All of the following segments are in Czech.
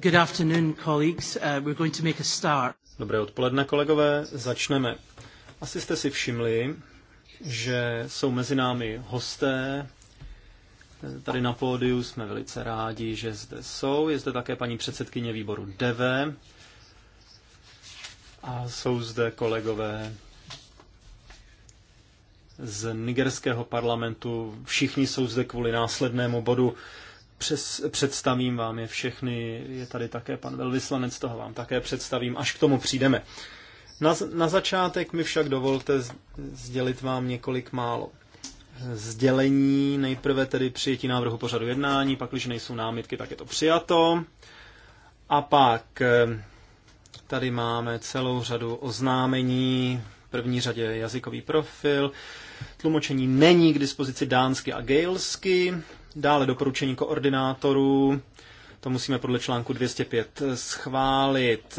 Good afternoon, colleagues. Uh, we're going to make a start. Dobré odpoledne, kolegové. Začneme. Asi jste si všimli, že jsou mezi námi hosté. Tady na pódiu jsme velice rádi, že zde jsou. Je zde také paní předsedkyně výboru DEVE. A jsou zde kolegové z nigerského parlamentu. Všichni jsou zde kvůli následnému bodu přes, představím vám je všechny. Je tady také pan velvyslanec, toho vám také představím, až k tomu přijdeme. Na, na začátek mi však dovolte sdělit vám několik málo sdělení. Nejprve tedy přijetí návrhu pořadu jednání, pak když nejsou námitky, tak je to přijato. A pak eh, tady máme celou řadu oznámení, v první řadě jazykový profil. Tlumočení není k dispozici dánsky a gailsky. Dále doporučení koordinátorů, to musíme podle článku 205 schválit.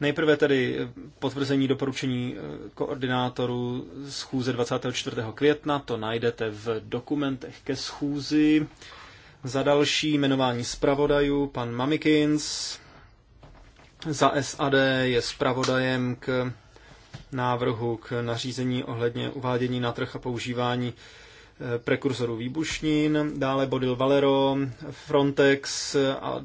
Nejprve tedy potvrzení doporučení eh, koordinátorů schůze 24. května, to najdete v dokumentech ke schůzi. Za další jmenování zpravodajů pan Mamikins. Za SAD je zpravodajem k návrhu k nařízení ohledně uvádění na trh a používání prekursorů výbušnin, dále Bodil Valero, Frontex a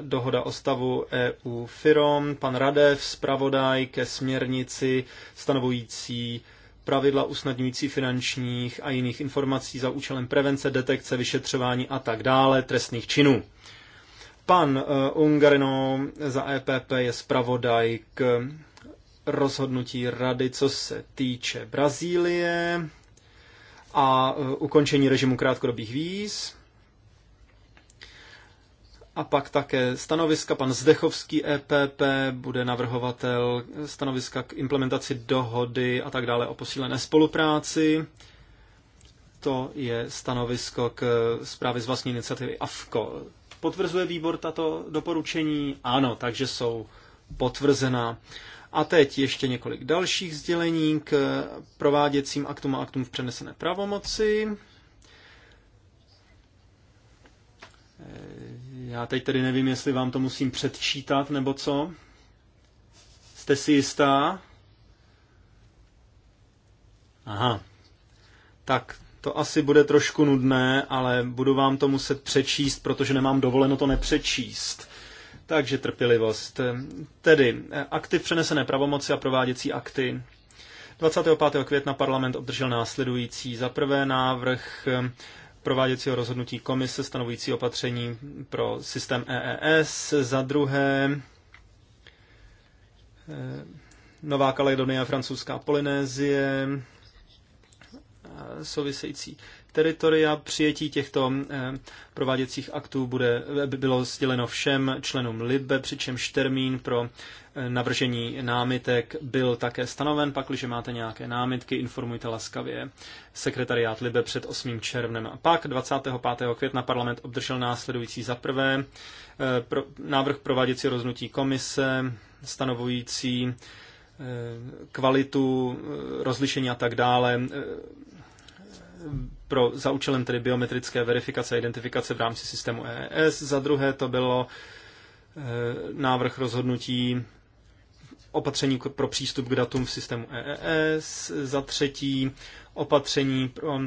dohoda o stavu EU FIROM, pan Radev, zpravodaj ke směrnici stanovující pravidla usnadňující finančních a jiných informací za účelem prevence, detekce, vyšetřování a tak dále trestných činů. Pan eh, Ungarino za EPP je zpravodaj k rozhodnutí rady, co se týče Brazílie a e, ukončení režimu krátkodobých víz. A pak také stanoviska. Pan Zdechovský EPP bude navrhovatel stanoviska k implementaci dohody a tak dále o posílené spolupráci. To je stanovisko k zprávě z vlastní iniciativy AFKO. Potvrzuje výbor tato doporučení? Ano, takže jsou potvrzená. A teď ještě několik dalších sdělení k prováděcím aktům a aktům v přenesené pravomoci. Eh, já teď tedy nevím, jestli vám to musím předčítat nebo co. Jste si jistá? Aha. Tak to asi bude trošku nudné, ale budu vám to muset přečíst, protože nemám dovoleno to nepřečíst. Takže trpělivost. Tedy eh, akty přenesené pravomoci a prováděcí akty. 25. května parlament obdržel následující za prvé návrh eh, prováděcího rozhodnutí komise stanovující opatření pro systém EES, za druhé eh, Nová Kaledonie a francouzská Polynésie, související teritoria. Přijetí těchto eh, prováděcích aktů bude, eh, bylo sděleno všem členům LIBE, přičemž termín pro eh, navržení námitek byl také stanoven. Pak, když máte nějaké námitky, informujte laskavě sekretariát LIBE před 8. červnem. A pak 25. května parlament obdržel následující za prvé pro, návrh prováděcí roznutí komise stanovující kvalitu rozlišení a tak dále pro, za účelem tedy biometrické verifikace a identifikace v rámci systému EES. Za druhé to bylo e, návrh rozhodnutí opatření pro přístup k datům v systému EES. Za třetí opatření pro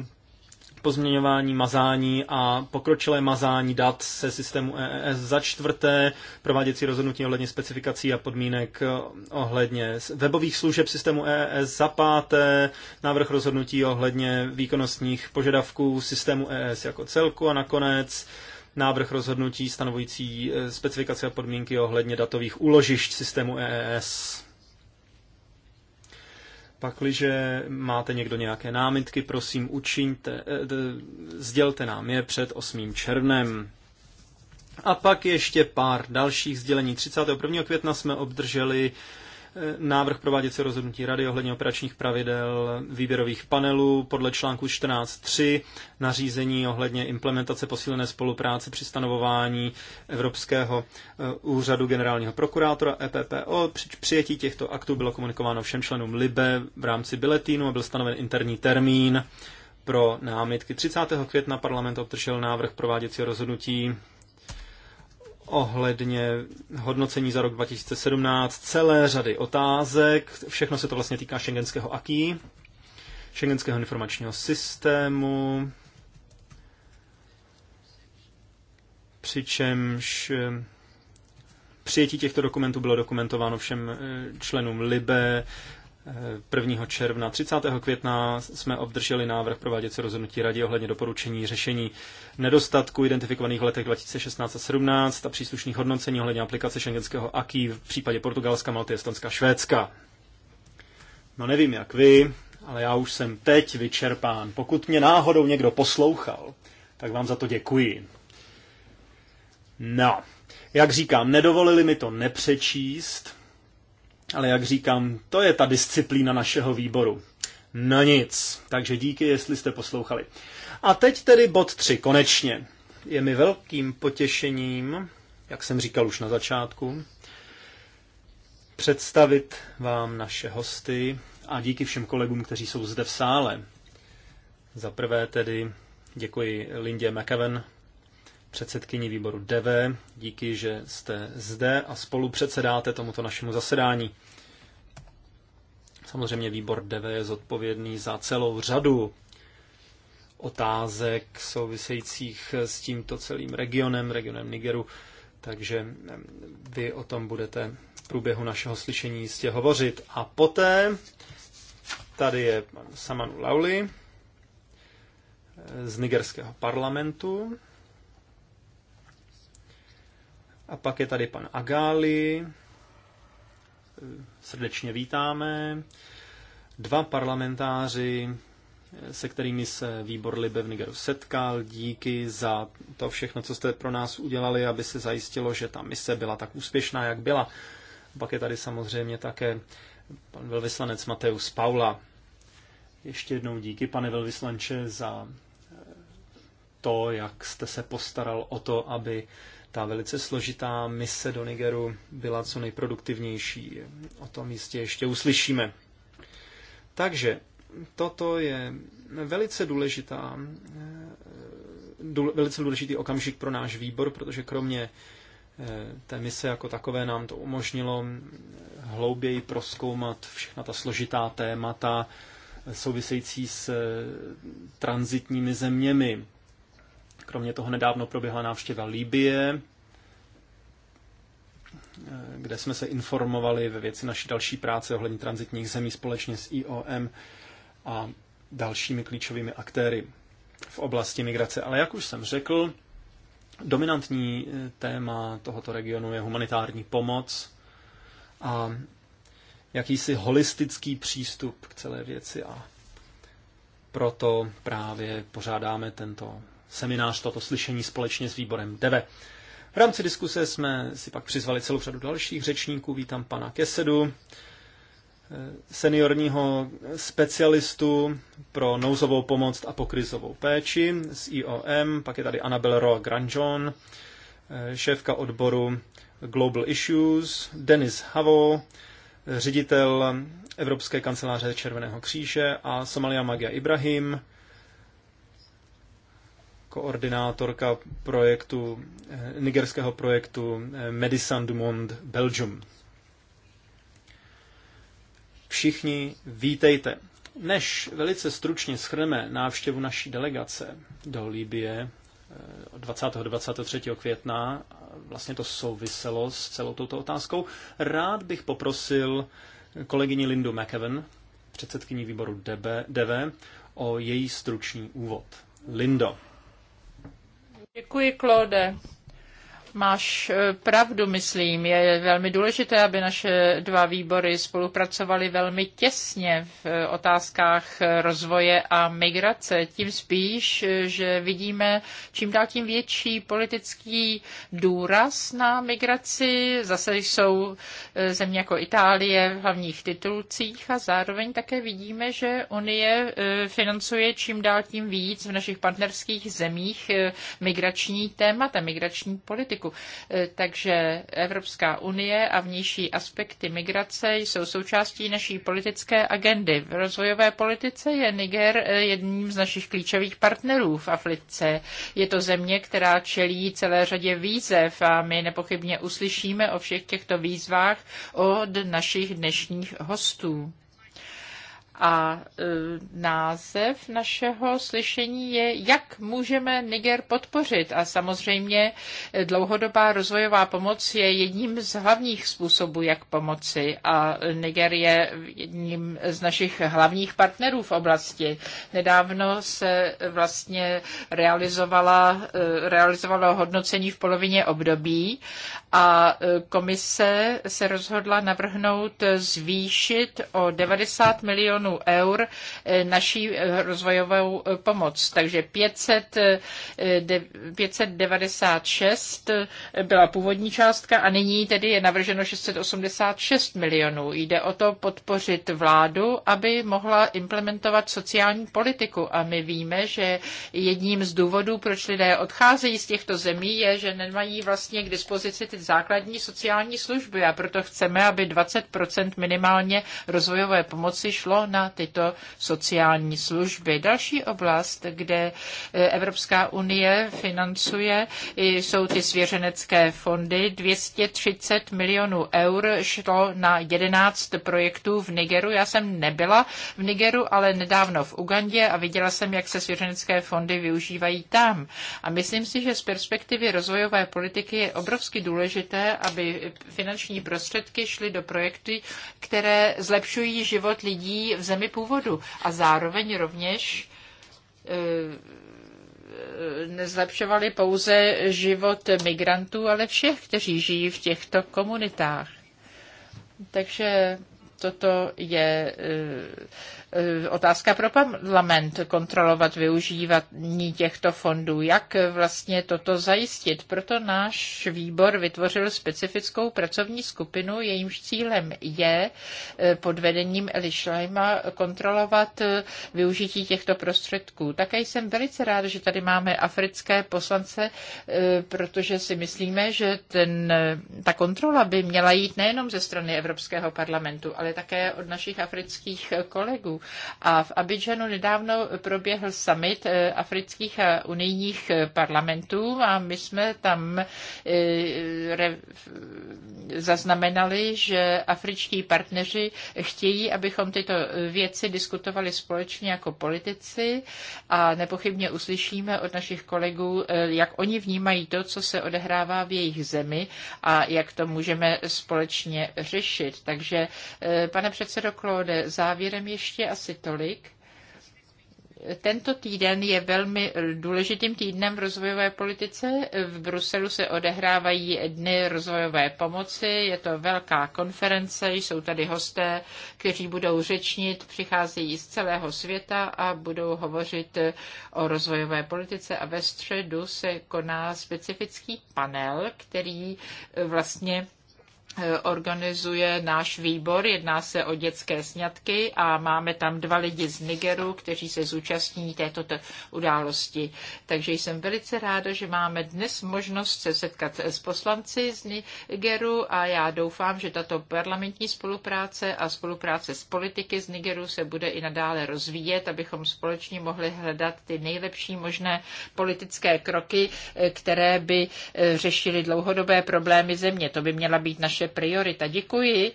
pozměňování mazání a pokročilé mazání dat se systému EES. Za čtvrté, prováděcí rozhodnutí ohledně specifikací a podmínek eh, ohledně webových služeb systému EES. Za páté, návrh rozhodnutí ohledně výkonnostních požadavků systému EES jako celku. A nakonec, návrh rozhodnutí stanovující eh, specifikace a podmínky ohledně datových úložišť systému EES. Pakliže máte někdo nějaké námitky, prosím, učiňte, eh, sdělte nám je před 8. červnem. A pak ještě pár dalších sdělení. 31. května jsme obdrželi návrh prováděcí rozhodnutí Rady ohledně operačních pravidel výběrových panelů podle článku 14.3, nařízení ohledně implementace posílené spolupráce při stanovování Evropského eh, úřadu generálního prokurátora EPPO. Při přijetí těchto aktů bylo komunikováno všem členům LIBE v rámci biletínu a byl stanoven interní termín pro námitky. 30. května parlament obdržel návrh prováděcího rozhodnutí ohledně hodnocení za rok 2017 celé řady otázek. Všechno se to vlastně týká šengenského AKI, šengenského informačního systému, přičemž eh, přijetí těchto dokumentů bylo dokumentováno všem eh, členům LIBE, 1. června. 30. května jsme obdrželi návrh prováděcí rozhodnutí rady ohledně doporučení řešení nedostatku identifikovaných v letech 2016 a 2017 a příslušných hodnocení ohledně aplikace šengenského AKI v případě Portugalska, Malty, Estonska, Švédska. No nevím jak vy, ale já už jsem teď vyčerpán. Pokud mě náhodou někdo poslouchal, tak vám za to děkuji. No, jak říkám, nedovolili mi to nepřečíst, ale jak říkám, to je ta disciplína našeho výboru. No nic, takže díky, jestli jste poslouchali. A teď tedy bod 3, konečně. Je mi velkým potěšením, jak jsem říkal už na začátku, představit vám naše hosty a díky všem kolegům, kteří jsou zde v sále. Za prvé tedy děkuji Lindě McEwen, předsedkyni výboru DV, díky, že jste zde a spolu předsedáte tomuto našemu zasedání. Samozřejmě výbor DV je zodpovědný za celou řadu otázek souvisejících s tímto celým regionem, regionem Nigeru, takže vy o tom budete v průběhu našeho slyšení jistě hovořit. A poté tady je pan Samanu Lauli eh, z nigerského parlamentu. A pak je tady pan Agali, srdečně vítáme. Dva parlamentáři, se kterými se výbor Libe v Nigeru setkal. Díky za to všechno, co jste pro nás udělali, aby se zajistilo, že ta mise byla tak úspěšná, jak byla. Pak je tady samozřejmě také pan velvyslanec Mateus Paula. Ještě jednou díky, pane velvyslanče, za to, jak jste se postaral o to, aby ta velice složitá mise do Nigeru byla co nejproduktivnější. O tom jistě ještě uslyšíme. Takže toto je velice důležitá, eh, důle, velice důležitý okamžik pro náš výbor, protože kromě eh, té mise jako takové nám to umožnilo eh, hlouběji proskoumat všechna ta složitá témata související s transitními zeměmi, Kromě toho nedávno proběhla návštěva Líbie, eh, kde jsme se informovali ve věci naší další práce ohledně transitních zemí společně s IOM a dalšími klíčovými aktéry v oblasti migrace. Ale jak už jsem řekl, dominantní eh, téma tohoto regionu je humanitární pomoc a jakýsi holistický přístup k celé věci a proto právě pořádáme tento seminář, toto slyšení společně s výborem DEVE. V rámci diskuse jsme si pak přizvali celou řadu dalších řečníků. Vítám pana Kesedu, eh, seniorního specialistu pro nouzovou pomoc a pokrizovou péči z IOM. Pak je tady Annabel Roa Granjon, eh, šéfka odboru Global Issues, Denis Havo, ředitel Evropské kanceláře Červeného kříže a Somalia Magia Ibrahim, koordinátorka projektu, eh, nigerského projektu eh, Medicine du Monde Belgium. Všichni vítejte. Než velice stručně schrneme návštěvu naší delegace do Libie 20. 23. května, vlastně to souviselo s celou touto otázkou, rád bych poprosil kolegyni Lindu McEwen, předsedkyni výboru DB, DV, o její stručný úvod. Lindo. Děkuji, Claude. Máš eh, pravdu, myslím. Je velmi důležité, aby naše dva výbory spolupracovaly velmi těsně v eh, otázkách eh, rozvoje a migrace. Tím spíš, že vidíme čím dál tím větší politický důraz na migraci. Zase jsou země jako Itálie v hlavních titulcích a zároveň také vidíme, že Unie financuje čím dál tím víc v našich partnerských zemích migrační témata, migrační politiku politiku. E, takže Evropská unie a vnější aspekty migrace jsou součástí naší politické agendy. V rozvojové politice je Niger e, jedním z našich klíčových partnerů v Africe. Je to země, která čelí celé řadě výzev a my nepochybně uslyšíme o všech těchto výzvách od našich dnešních hostů. A e, název našeho slyšení je, jak můžeme Niger podpořit. A samozřejmě e, dlouhodobá rozvojová pomoc je jedním z hlavních způsobů, jak pomoci. A Niger je jedním z našich hlavních partnerů v oblasti. Nedávno se vlastně realizovala, e, realizovalo hodnocení v polovině období a komise se rozhodla navrhnout zvýšit o 90 milionů milionů eur eh, naší eh, rozvojovou eh, pomoc. Takže 500, 596 byla původní částka a nyní tedy je navrženo 686 milionů. Jde o to podpořit vládu, aby mohla implementovat sociální politiku. A my víme, že jedním z důvodů, proč lidé odcházejí z těchto zemí, je, že nemají vlastně k dispozici ty základní sociální služby. A proto chceme, aby 20 minimálně rozvojové pomoci šlo na tyto sociální služby. Další oblast, kde eh, Evropská unie financuje, jsou ty svěřenecké fondy. 230 milionů eur šlo na 11 projektů v Nigeru. Já jsem nebyla v Nigeru, ale nedávno v Ugandě a viděla jsem, jak se svěřenecké fondy využívají tam. A myslím si, že z perspektivy rozvojové politiky je obrovsky důležité, aby finanční prostředky šly do projekty, které zlepšují život lidí v zemi původu a zároveň rovněž eh, nezlepšovali pouze život migrantů, ale všech, kteří žijí v těchto komunitách. Takže toto je eh, Eh, otázka pro parlament kontrolovat využívání těchto fondů, jak vlastně toto zajistit. Proto náš výbor vytvořil specifickou pracovní skupinu, jejímž cílem je eh, pod vedením Eli kontrolovat eh, využití těchto prostředků. Také jsem velice rád, že tady máme africké poslance, protože si myslíme, že ten, ta kontrola by měla jít nejenom ze strany Evropského parlamentu, ale také od našich afrických kolegů. A v Abidžanu nedávno proběhl summit eh, afrických a unijních eh, parlamentů a my jsme tam eh, zaznamenali, že afričtí partneři chtějí, abychom tyto věci diskutovali společně jako politici a nepochybně uslyšíme od našich kolegů, jak oni vnímají to, co se odehrává v jejich zemi a jak to můžeme společně řešit. Takže, pane předsedo Klode, závěrem ještě asi tolik. Tento týden je velmi důležitým týdnem v rozvojové politice. V Bruselu se odehrávají dny rozvojové pomoci, je to velká konference, jsou tady hosté, kteří budou řečnit, přicházejí z celého světa a budou hovořit o rozvojové politice a ve středu se koná specifický panel, který vlastně Eh, organizuje náš výbor. Jedná se o dětské sňatky a máme tam dva lidi z Nigeru, kteří se zúčastní této události. Takže jsem velice ráda, že máme dnes možnost se setkat s poslanci z Nigeru a já doufám, že tato parlamentní spolupráce a spolupráce s politiky z Nigeru se bude i nadále rozvíjet, abychom společně mohli hledat ty nejlepší možné politické kroky, eh, které by eh, řešily dlouhodobé problémy země. To by měla být naše naše priorita. Děkuji.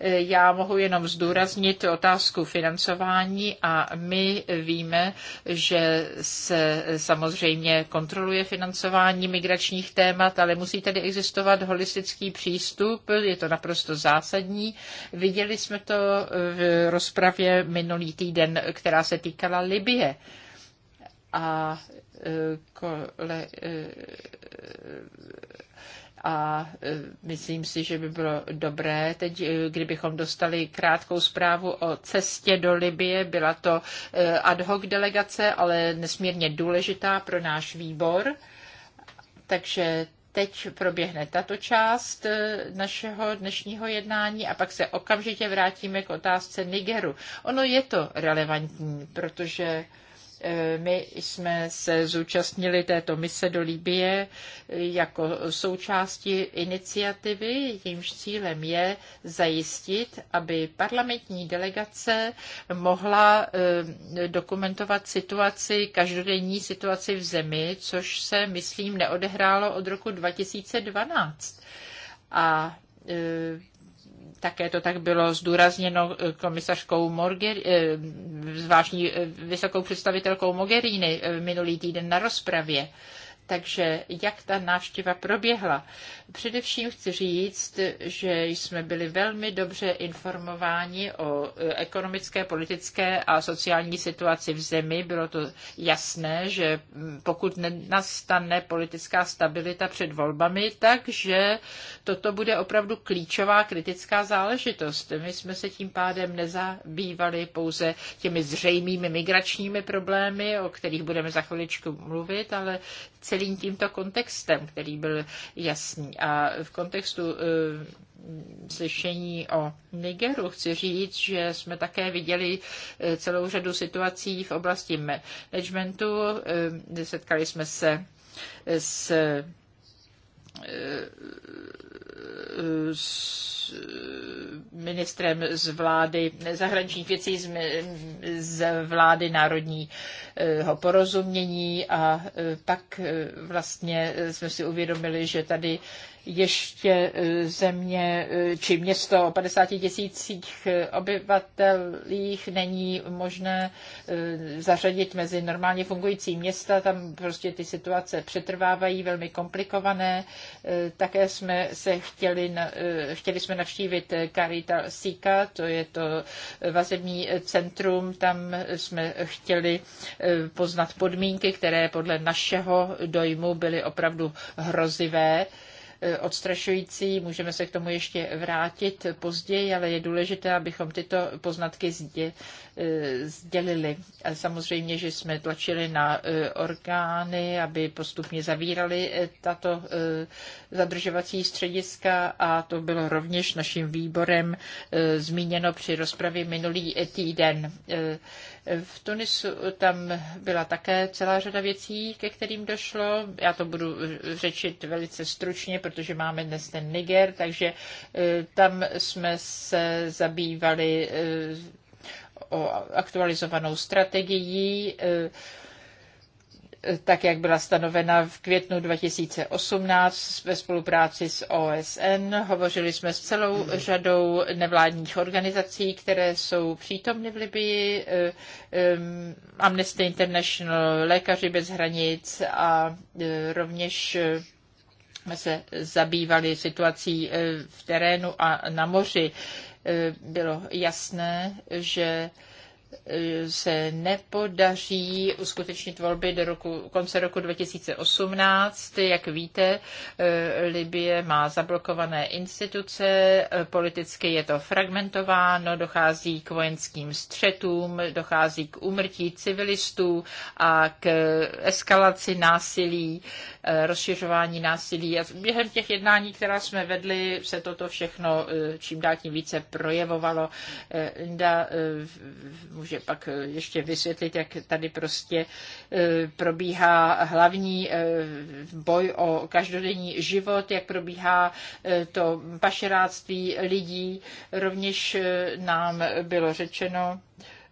E, já mohu jenom zdůraznit otázku financování a my víme, že se samozřejmě kontroluje financování migračních témat, ale musí tady existovat holistický přístup, je to naprosto zásadní. Viděli jsme to v rozpravě minulý týden, která se týkala Libie. A e, kole, e, a e, myslím si, že by bylo dobré teď, e, kdybychom dostali krátkou zprávu o cestě do Libie. Byla to e, ad hoc delegace, ale nesmírně důležitá pro náš výbor. Takže teď proběhne tato část našeho dnešního jednání a pak se okamžitě vrátíme k otázce Nigeru. Ono je to relevantní, protože E, my jsme se zúčastnili této mise do Libie jako součásti iniciativy, jejímž cílem je zajistit, aby parlamentní delegace mohla e, dokumentovat situaci, každodenní situaci v zemi, což se, myslím, neodehrálo od roku 2012. A e, také to tak bylo zdůrazněno eh, komisařkou Morger, eh, zvláštní eh, vysokou představitelkou Mogherini minulý týden na rozpravě. Takže jak ta návštěva proběhla? Především chci říct, že jsme byli velmi dobře informováni o eh, ekonomické, politické a sociální situaci v zemi. Bylo to jasné, že mm, pokud nastane politická stabilita před volbami, takže toto bude opravdu klíčová kritická záležitost. My jsme se tím pádem nezabývali pouze těmi zřejmými migračními problémy, o kterých budeme za chviličku mluvit, ale celým tímto kontextem, který byl jasný. A v kontextu eh, slyšení o Nigeru chci říct, že jsme také viděli eh, celou řadu situací v oblasti managementu. Eh, setkali jsme se s s ministrem z vlády zahraničních věcí, z, z vlády národního porozumění a pak e, e, vlastně e, jsme si uvědomili, že tady ještě e, země e, či město o 50 tisících e, obyvatelích není možné zařadit mezi normálně fungující města. Tam prostě ty situace přetrvávají velmi komplikované. Také jsme se chtěli, chtěli jsme navštívit Karita Sika, to je to vazební centrum. Tam jsme chtěli poznat podmínky, které podle našeho dojmu byly opravdu hrozivé. Eh, odstrašující. Můžeme se k tomu ještě vrátit později, ale je důležité, abychom tyto poznatky eh, sdělili. A samozřejmě, že jsme tlačili na eh, orgány, aby postupně zavírali tato zadržovací střediska a to bylo rovněž naším výborem zmíněno při rozpravě minulý týden. V Tunisu tam byla také celá řada věcí, ke kterým došlo. Já to budu řečit velice stručně, protože máme dnes ten Niger, takže e, tam jsme se zabývali e, o aktualizovanou strategií e, tak jak byla stanovena v květnu 2018 ve spolupráci s OSN. Hovořili jsme s celou řadou nevládních organizací, které jsou přítomny v Libii, eh, eh, Amnesty International, Lékaři bez hranic a eh, rovněž jsme se zabývali situací v terénu a na moři. Bylo jasné, že se nepodaří uskutečnit volby do roku, konce roku 2018. Jak víte, eh, Libie má zablokované instituce, eh, politicky je to fragmentováno, dochází k vojenským střetům, dochází k umrtí civilistů a k eskalaci násilí rozšiřování násilí. A během těch jednání, která jsme vedli, se toto všechno eh, čím dál tím více projevovalo. Eh, Inda eh, může pak ještě vysvětlit, jak tady prostě probíhá hlavní boj o každodenní život, jak probíhá to pašeráctví lidí. Rovněž nám bylo řečeno,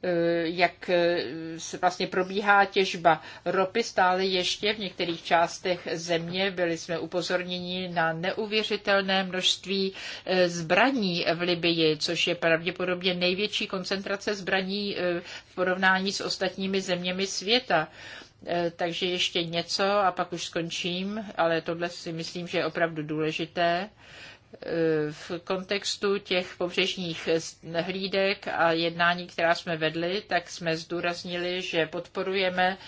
Eh, jak eh, se vlastně probíhá těžba ropy stále ještě v některých částech země. Byli jsme upozorněni na neuvěřitelné množství eh, zbraní v Libii, což je pravděpodobně největší koncentrace zbraní v porovnání s ostatními zeměmi světa. Takže ještě něco a pak už skončím, ale tohle si myslím, že je opravdu důležité v kontextu těch pobřežních hlídek a jednání, která jsme vedli, tak jsme zdůraznili, že podporujeme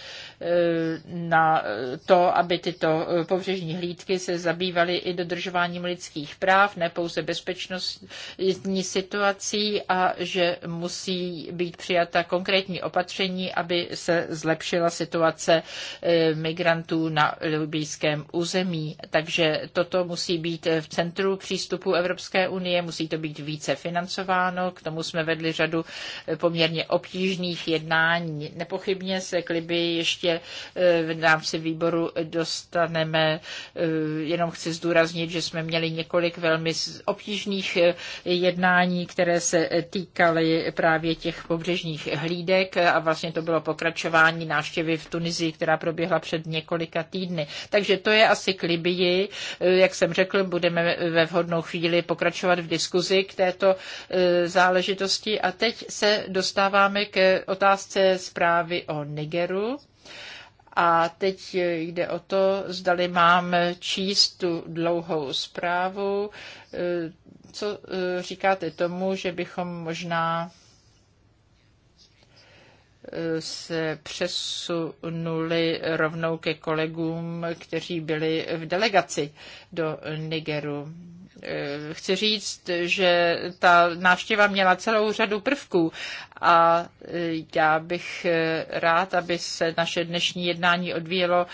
na to, aby tyto pobřežní hlídky se zabývaly i dodržováním lidských práv, ne pouze bezpečnostní situací a že musí být přijata konkrétní opatření, aby se zlepšila situace eh, migrantů na libijském území. Takže toto musí být v centru přístupu Evropské unie, musí to být více financováno, k tomu jsme vedli řadu eh, poměrně obtížných jednání. Nepochybně se k Libii ještě ještě eh, v rámci výboru dostaneme. Eh, jenom chci zdůraznit, že jsme měli několik velmi obtížných eh, jednání, které se týkaly právě těch pobřežních hlídek a vlastně to bylo pokračování návštěvy v Tunizii, která proběhla před několika týdny. Takže to je asi k Libii. Jak jsem řekl, budeme ve vhodnou chvíli pokračovat v diskuzi k této záležitosti. A teď se dostáváme k otázce zprávy o Nigeru. A teď jde o to, zdali mám číst tu dlouhou zprávu. E, co e, říkáte tomu, že bychom možná e, se přesunuli rovnou ke kolegům, kteří byli v delegaci do Nigeru. Eh, chci říct, že ta návštěva měla celou řadu prvků a eh, já bych eh, rád, aby se naše dnešní jednání odvíjelo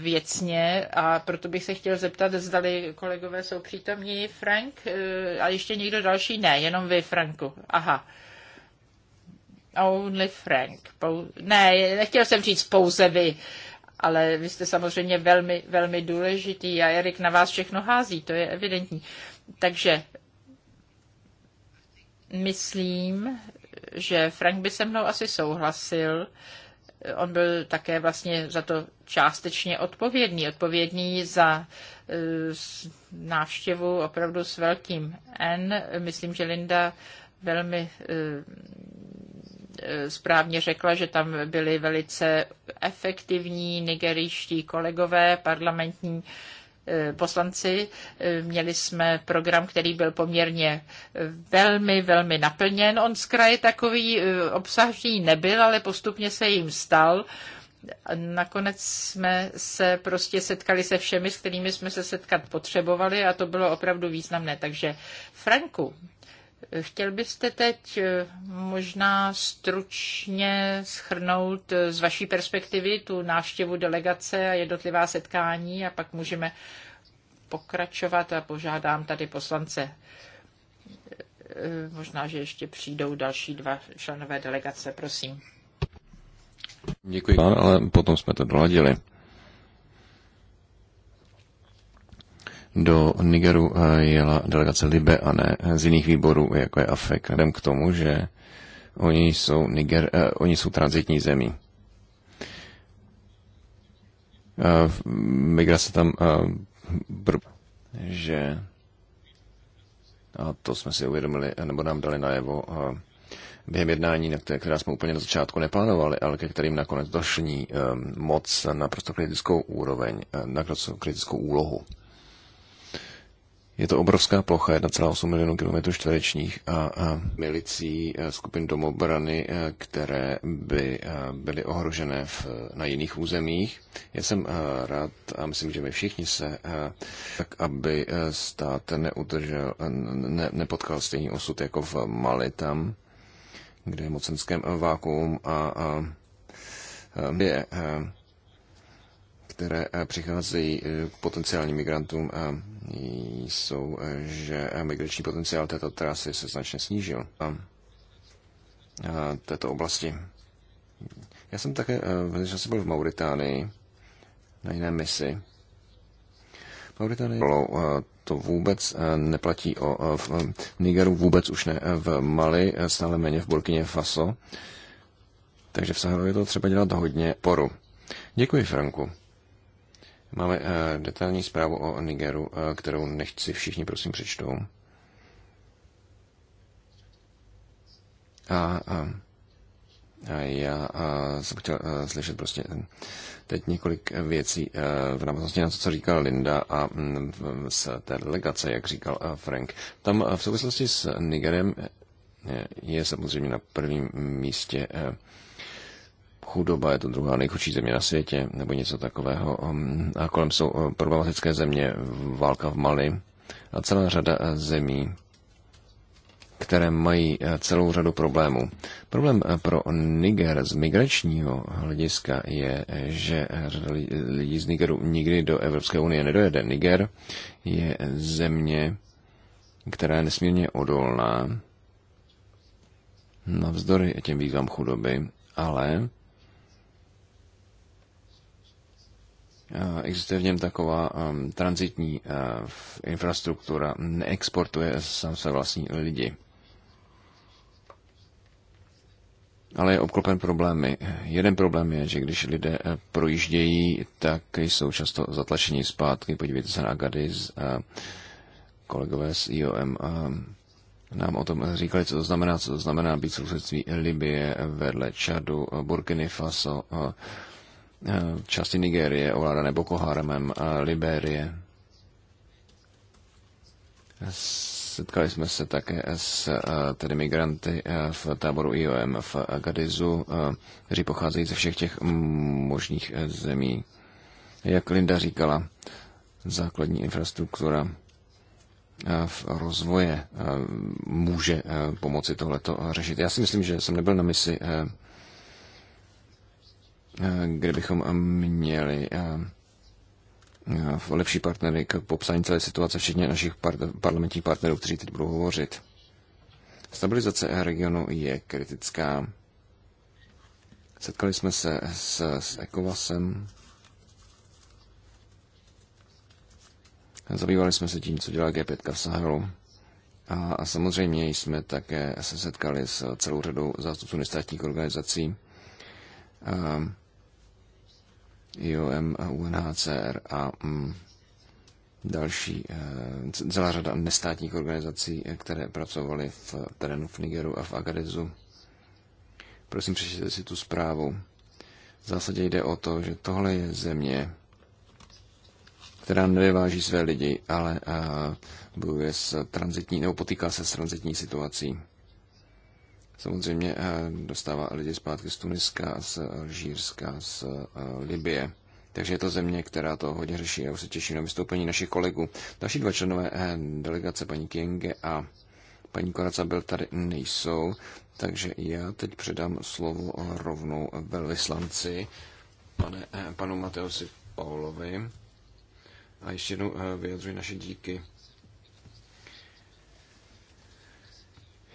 věcně a proto bych se chtěl zeptat, zdali kolegové jsou přítomní, Frank, a ještě někdo další? Ne, jenom vy, Franku. Aha. Only Frank. Pou- ne, nechtěl jsem říct pouze vy. Uh, ale vy jste samozřejmě velmi, velmi důležitý a Erik na vás všechno hází, to je evidentní. Takže myslím, že Frank by se mnou asi souhlasil. On byl také vlastně za to částečně odpovědný. Odpovědný za eh, návštěvu opravdu s velkým N. Myslím, že Linda velmi eh, Eh, správně řekla, že tam byli velice efektivní nigerijští kolegové, parlamentní eh, poslanci. Eh, měli jsme program, který byl poměrně velmi, velmi naplněn. On z kraje takový obsahní nebyl, ale postupně se jim stal. Nakonec jsme se prostě setkali se všemi, s kterými jsme se setkat potřebovali a to bylo opravdu významné. Takže Franku, Chtěl byste teď eh, možná stručně schrnout eh, z vaší perspektivy tu návštěvu delegace a jednotlivá setkání a pak můžeme pokračovat a požádám tady poslance. Eh, možná, že ještě přijdou další dva členové delegace, prosím. Děkuji, ale potom jsme to doladili. Do Nigeru eh, jela delegace Libe a ne eh, z jiných výborů, jako je AFEK, vzhledem k tomu, že oni jsou, Niger, eh, oni jsou transitní zemí. Eh, migrace tam eh, br- že a to jsme si uvědomili, eh, nebo nám dali najevo během jednání, na které, jsme úplně na začátku neplánovali, ale ke kterým nakonec došní moc na naprosto kritickou úroveň, na naprosto kritickou úlohu. Je to obrovská plocha, 1,8 milionů kilometrů čtverečních a, a milicí a eh, skupin domobrany, eh, které by eh, byly ohrožené v, na jiných územích. Já jsem rád a myslím, že my všichni se, tak aby stát neudržel, ne, nepotkal stejný osud jako v Mali tam, kde je mocenském vákuum a, a, a je, a, které eh, přicházejí eh, k potenciálním migrantům, jsou, eh, že migrační potenciál této trasy se značně snížil této oblasti. Já jsem také v jsem byl v Mauritánii na jiné misi. Mauritánii to vůbec neplatí o v Nigeru vůbec už ne v Mali, stále méně v Burkině Faso. Takže v Sahelu je to třeba dělat hodně poru. Děkuji, Franku. Máme eh, detailní zprávu o Nigeru, eh, kterou nechci všichni prosím přečtou. A, a, a já a jsem chtěl a, eh, slyšet prostě teď několik věcí a, v návaznosti na to, co říkal Linda a m, mm, z té delegace, jak říkal a Frank. Tam a v souvislosti s Nigerem je samozřejmě na prvním místě a, chudoba je to druhá nejchudší země na světě, nebo něco takového. Um, a kolem jsou uh, problematické země, válka v Mali a celá řada uh, zemí, které mají uh, celou řadu problémů. Problém pro Niger z migračního hlediska je, že řada lidí z Nigeru nikdy do Evropské unie nedojede. Niger je země, která je nesmírně odolná navzdory těm výzvám chudoby, ale Eh, existuje v něm taková um, transitní uh, infrastruktura, neexportuje sám se vlastní lidi. ale je obklopen problémy. Jeden problém je, že když lidé eh, projíždějí, tak jsou často zatlačeni zpátky. Podívejte se na Agadis, kolegové z IOM ehm, nám o tom říkali, co to znamená, co to znamená být sousedství Libie vedle Čadu, Burkiny Faso, Eh, části Nigérie ovládané Boko Haramem, eh, Liberie. Setkali jsme se také s eh, tedy migranty v táboru IOM v Agadizu, kteří pocházejí ze všech těch možných zemí. Jak Linda říkala, základní infrastruktura v rozvoje může pomoci tohleto řešit. Já si myslím, že jsem nebyl na misi kde bychom měli eh, eh, lepší partnery k popsání celé situace, včetně našich par- parlamentních partnerů, kteří teď budou hovořit. Stabilizace regionu je kritická. Setkali jsme se s, s ECOVASem. Zabývali jsme se tím, co dělá G5 v Sahelu. A, a samozřejmě jsme také se setkali s celou řadou zástupců nestátních organizací. Um, IOM, UNHCR a mm, další, eh, celá řada nestátních organizací, eh, které pracovaly v terénu v Nigeru a v Agadezu. Prosím, přečtěte si tu zprávu. V zásadě jde o to, že tohle je země, která nevyváží své lidi, ale eh, bojuje s transitní, nebo potýká se s transitní situací samozřejmě eh, dostává lidi zpátky z Tuniska, z Alžírska, z eh, Libie. Takže je to země, která to hodně řeší. Já už se těším na vystoupení našich kolegů. Další dva členové eh, delegace, paní Kienge a paní Koraca byl tady nejsou, takže já teď předám slovo rovnou velvyslanci, pane, panu Mateosi Paulovi. A ještě jednou vyjadřuji naše díky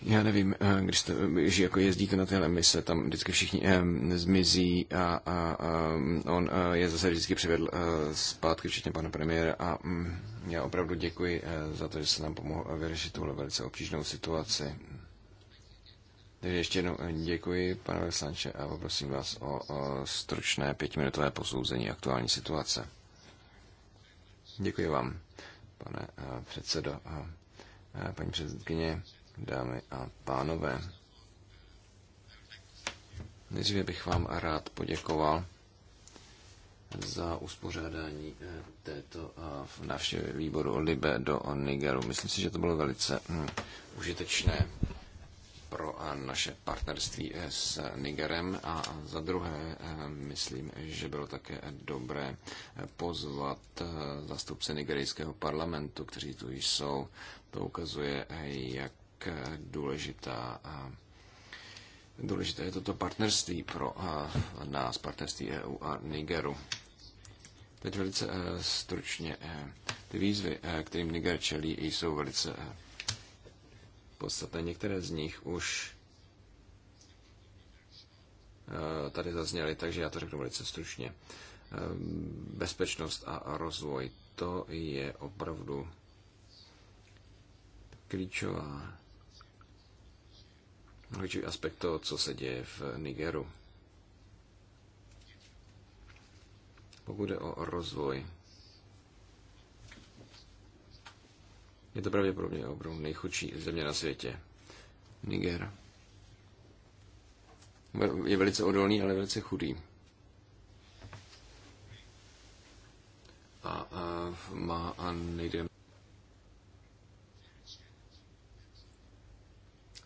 Já nevím, eh, když, jste, když jako jezdíte na téhle mise, tam vždycky všichni um, zmizí a, a a on a eh, je zase vždycky přivedl uh, zpátky, včetně pana premiéra a um, já opravdu děkuji uh, za to, že se nám pomohl vyřešit tuhle velice obtížnou situaci. Takže ještě jednou děkuji, pane Veslanče, a poprosím vás o, o stručné pětiminutové posouzení aktuální situace. Děkuji vám, pane předsedo a paní předsedkyně dámy a pánové. Nejdříve bych vám rád poděkoval za uspořádání eh, této eh, návštěvy výboru Libe do Nigeru. Myslím si, že to bylo velice hm, užitečné pro eh, naše partnerství s Nigerem a za druhé myslím, že bylo také dobré pozvat zastupce nigerijského parlamentu, kteří tu jsou. To ukazuje, jak tak důležitá důležité je toto partnerství pro nás, partnerství EU a Nigeru. Teď velice e, stručně. E, ty výzvy, e, kterým Niger čelí, jsou velice podstatné. Některé z nich už tady zazněly, takže já to řeknu velice stručně. Bezpečnost a rozvoj, to je opravdu klíčová klíčový aspekt toho, co se děje v Nigeru. Pokud jde o rozvoj, je to pravděpodobně obrovně nejchudší země na světě. Niger. Je velice odolný, ale velice chudý. A, a má a nejde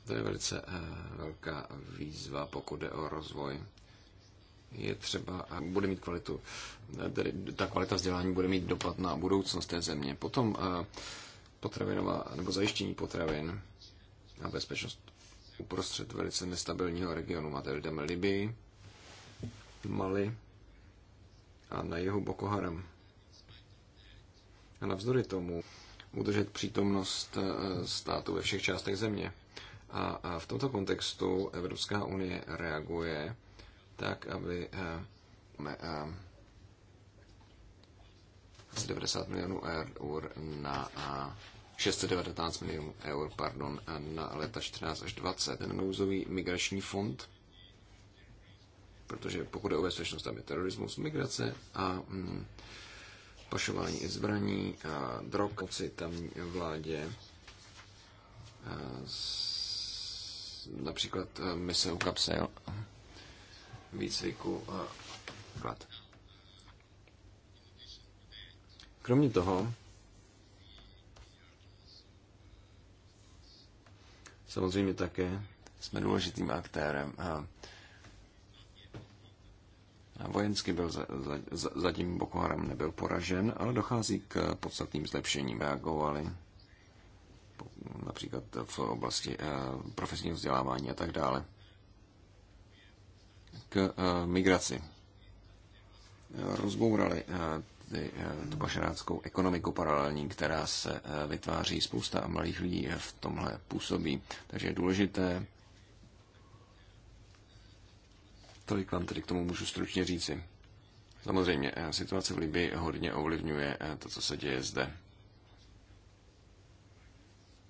To je velice eh, velká výzva, pokud jde o rozvoj. Je třeba, a eh, bude mít kvalitu, eh, tedy ta kvalita vzdělání bude mít dopad na budoucnost té země. Potom potravinová, nebo zajištění potravin a bezpečnost uprostřed velice nestabilního regionu. Máte lidem Libii, Mali a na jihu Boko Haram. A navzdory tomu udržet přítomnost státu ve všech částech země. A v tomto kontextu Evropská unie reaguje tak, aby eh, eh, z 90 milionů eur na 619 eh, milionů eur pardon, na leta 14 až 20. Ten nouzový migrační fond, protože pokud je o bezpečnost, tam je terorismus, migrace a mm, pašování zbraní a drog, tam vládě a, s například eh, mise u kapsel výcviku a klad. Kromě toho, samozřejmě také jsme důležitým aktérem a Vojensky byl za, za, za, Boko Haram nebyl poražen, ale dochází k podstatným zlepšením. Reagovali například v oblasti eh, profesního vzdělávání a tak dále. K eh, migraci. Rozbourali eh, ty, tu pašeráckou ekonomiku paralelní, která se vytváří. Spousta mladých lidí v tomhle působí. Takže je důležité. Tolik vám tedy k tomu můžu stručně říci. Samozřejmě, situace v Libii hodně ovlivňuje to, co se děje zde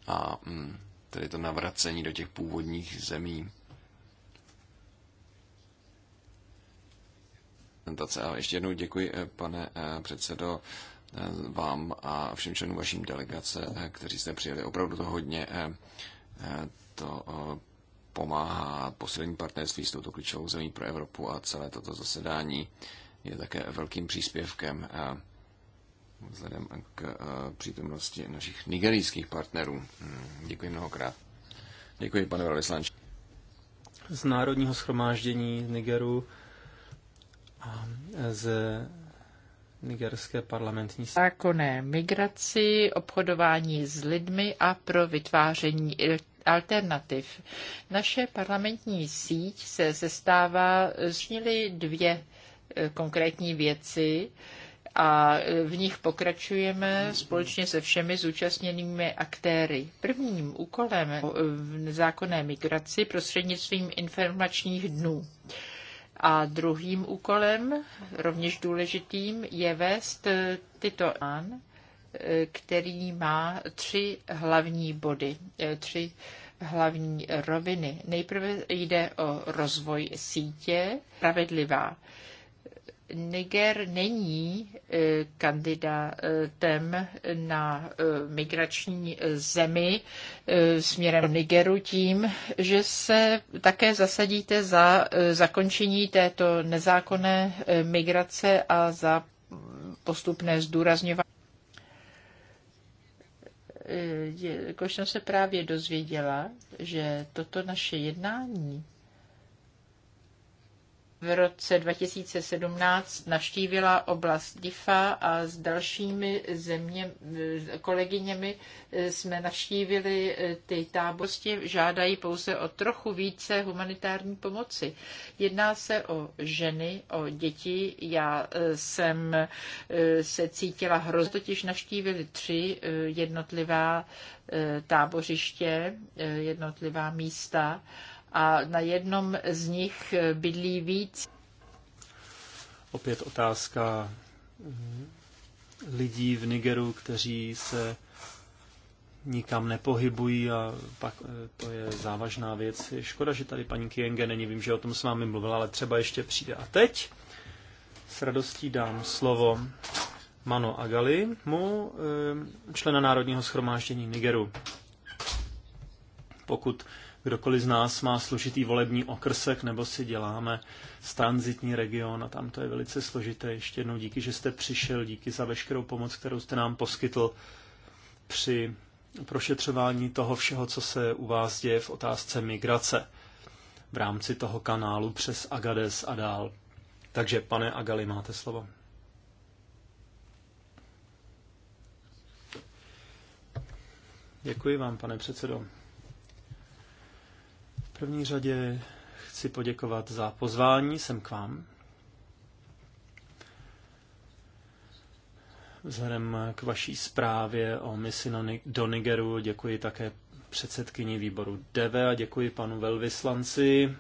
a mm, tedy to navracení do těch původních zemí. A ještě jednou děkuji, eh, pane eh, předsedo, eh, vám a všem členům vaším delegace, kteří jste přijeli. Opravdu to hodně to pomáhá poslední partnerství s touto klíčovou zemí pro Evropu a celé toto zasedání je také velkým příspěvkem vzhledem k eh, přítomnosti našich nigerijských partnerů. Hmm, děkuji mnohokrát. Děkuji, pane velvyslanče. Z Národního schromáždění Nigeru a z nigerské parlamentní zákonné migraci, obchodování s lidmi a pro vytváření alternativ. Naše parlamentní síť se sestává, snili dvě eh, konkrétní věci a v nich pokračujeme společně se všemi zúčastněnými aktéry. Prvním úkolem v zákonné migraci prostřednictvím informačních dnů. A druhým úkolem, rovněž důležitým, je vést e, tyto an, e, který má tři hlavní body, e, tři hlavní roviny. Nejprve jde o rozvoj sítě, pravedlivá Niger není e, kandidátem na e, migrační e, zemi směrem Nigeru tím, že se také zasadíte za zakončení této nezákonné migrace a za postupné zdůrazňování. jsem se právě dozvěděla, že toto naše jednání v roce 2017 navštívila oblast DIFA a s dalšími země, kolegyněmi e, jsme navštívili e, ty tábosti, žádají pouze o trochu více humanitární pomoci. Jedná se o ženy, o děti. Já e, jsem se cítila hrozně, totiž navštívili tři jednotlivá tábořiště, jednotlivá místa a na jednom z nich bydlí víc. Opět otázka mm, lidí v Nigeru, kteří se nikam nepohybují a pak eh, to je závažná věc. Je škoda, že tady paní Kienge není, vím, že o tom s vámi mluvila, ale třeba ještě přijde. A teď s radostí dám slovo Mano Agali, mu eh, člena Národního schromáždění Nigeru. Pokud Kdokoliv z nás má složitý volební okrsek, nebo si děláme stanzitní region a tam to je velice složité. Ještě jednou díky, že jste přišel, díky za veškerou pomoc, kterou jste nám poskytl při prošetřování toho všeho, co se u vás děje v otázce migrace v rámci toho kanálu přes Agades a dál. Takže, pane Agali, máte slovo. Děkuji vám, pane předsedo. V první řadě chci poděkovat za pozvání sem k vám. Vzhledem k vaší zprávě o misi do Nigeru děkuji také předsedkyni výboru DEVE a děkuji panu velvyslanci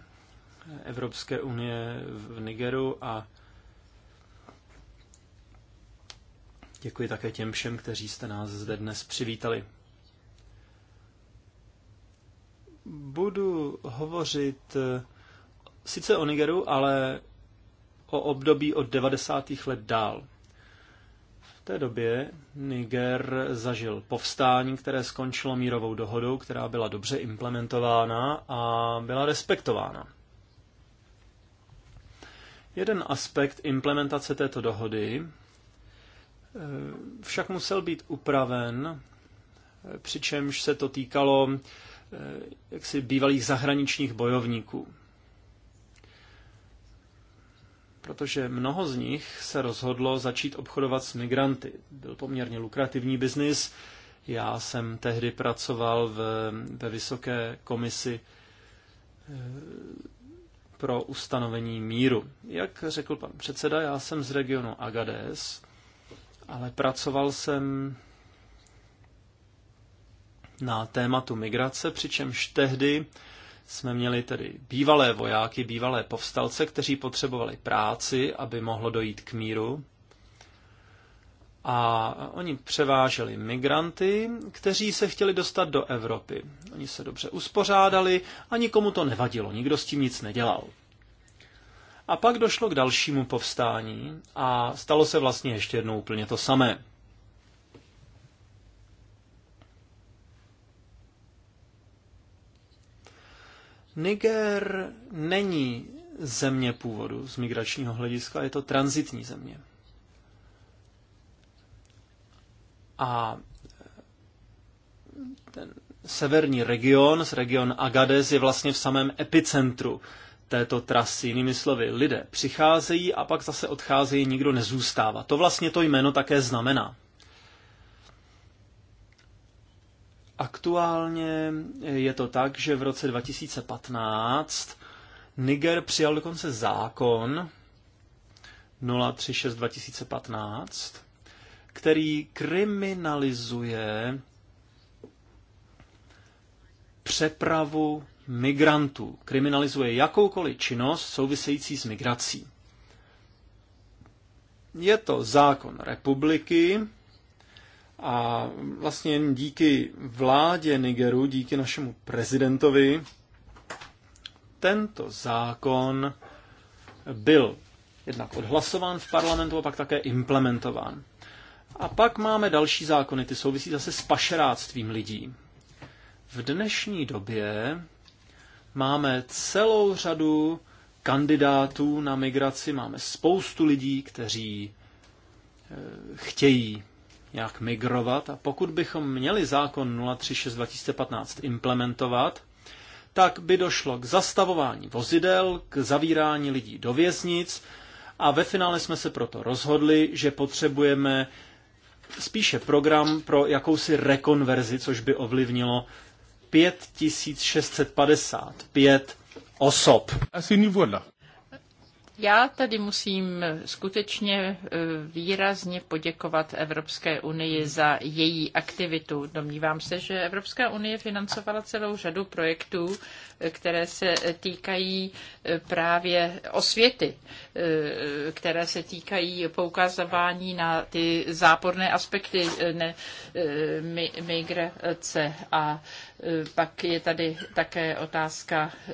Evropské unie v Nigeru a děkuji také těm všem, kteří jste nás zde dnes přivítali. budu hovořit eh, sice o Nigeru, ale o období od 90. let dál. V té době Niger zažil povstání, které skončilo mírovou dohodou, která byla dobře implementována a byla respektována. Jeden aspekt implementace této dohody eh, však musel být upraven, eh, přičemž se to týkalo Eh, jaksi bývalých zahraničních bojovníků. Protože mnoho z nich se rozhodlo začít obchodovat s migranty. Byl poměrně lukrativní biznis. Já jsem tehdy pracoval v, ve Vysoké komisi eh, pro ustanovení míru. Jak řekl pan předseda, já jsem z regionu Agadez, ale pracoval jsem na tématu migrace, přičemž tehdy jsme měli tedy bývalé vojáky, bývalé povstalce, kteří potřebovali práci, aby mohlo dojít k míru. A oni převáželi migranty, kteří se chtěli dostat do Evropy. Oni se dobře uspořádali a nikomu to nevadilo, nikdo s tím nic nedělal. A pak došlo k dalšímu povstání a stalo se vlastně ještě jednou úplně to samé. Niger není země původu z migračního hlediska, je to transitní země. A e, ten severní region, region Agades, je vlastně v samém epicentru této trasy. Jinými slovy, lidé přicházejí a pak zase odcházejí, nikdo nezůstává. To vlastně to jméno také znamená. Aktuálně je to tak, že v roce 2015 Niger přijal dokonce zákon 036 2015, který kriminalizuje přepravu migrantů. Kriminalizuje jakoukoliv činnost související s migrací. Je to zákon republiky, a vlastně jen díky vládě Nigeru, díky našemu prezidentovi, tento zákon byl jednak odhlasován v parlamentu a pak také implementován. A pak máme další zákony, ty souvisí zase s pašeráctvím lidí. V dnešní době máme celou řadu kandidátů na migraci, máme spoustu lidí, kteří eh, chtějí jak migrovat. A pokud bychom měli zákon 036 2015 implementovat, tak by došlo k zastavování vozidel, k zavírání lidí do věznic a ve finále jsme se proto rozhodli, že potřebujeme spíše program pro jakousi rekonverzi, což by ovlivnilo 5655 osob. Asi nivola. Já tady musím skutečně e, výrazně poděkovat Evropské unii za její aktivitu. Domnívám se, že Evropská unie financovala celou řadu projektů, e, které se týkají e, právě osvěty, které se týkají poukazování na ty záporné aspekty migrace a Eh, pak je tady také otázka eh,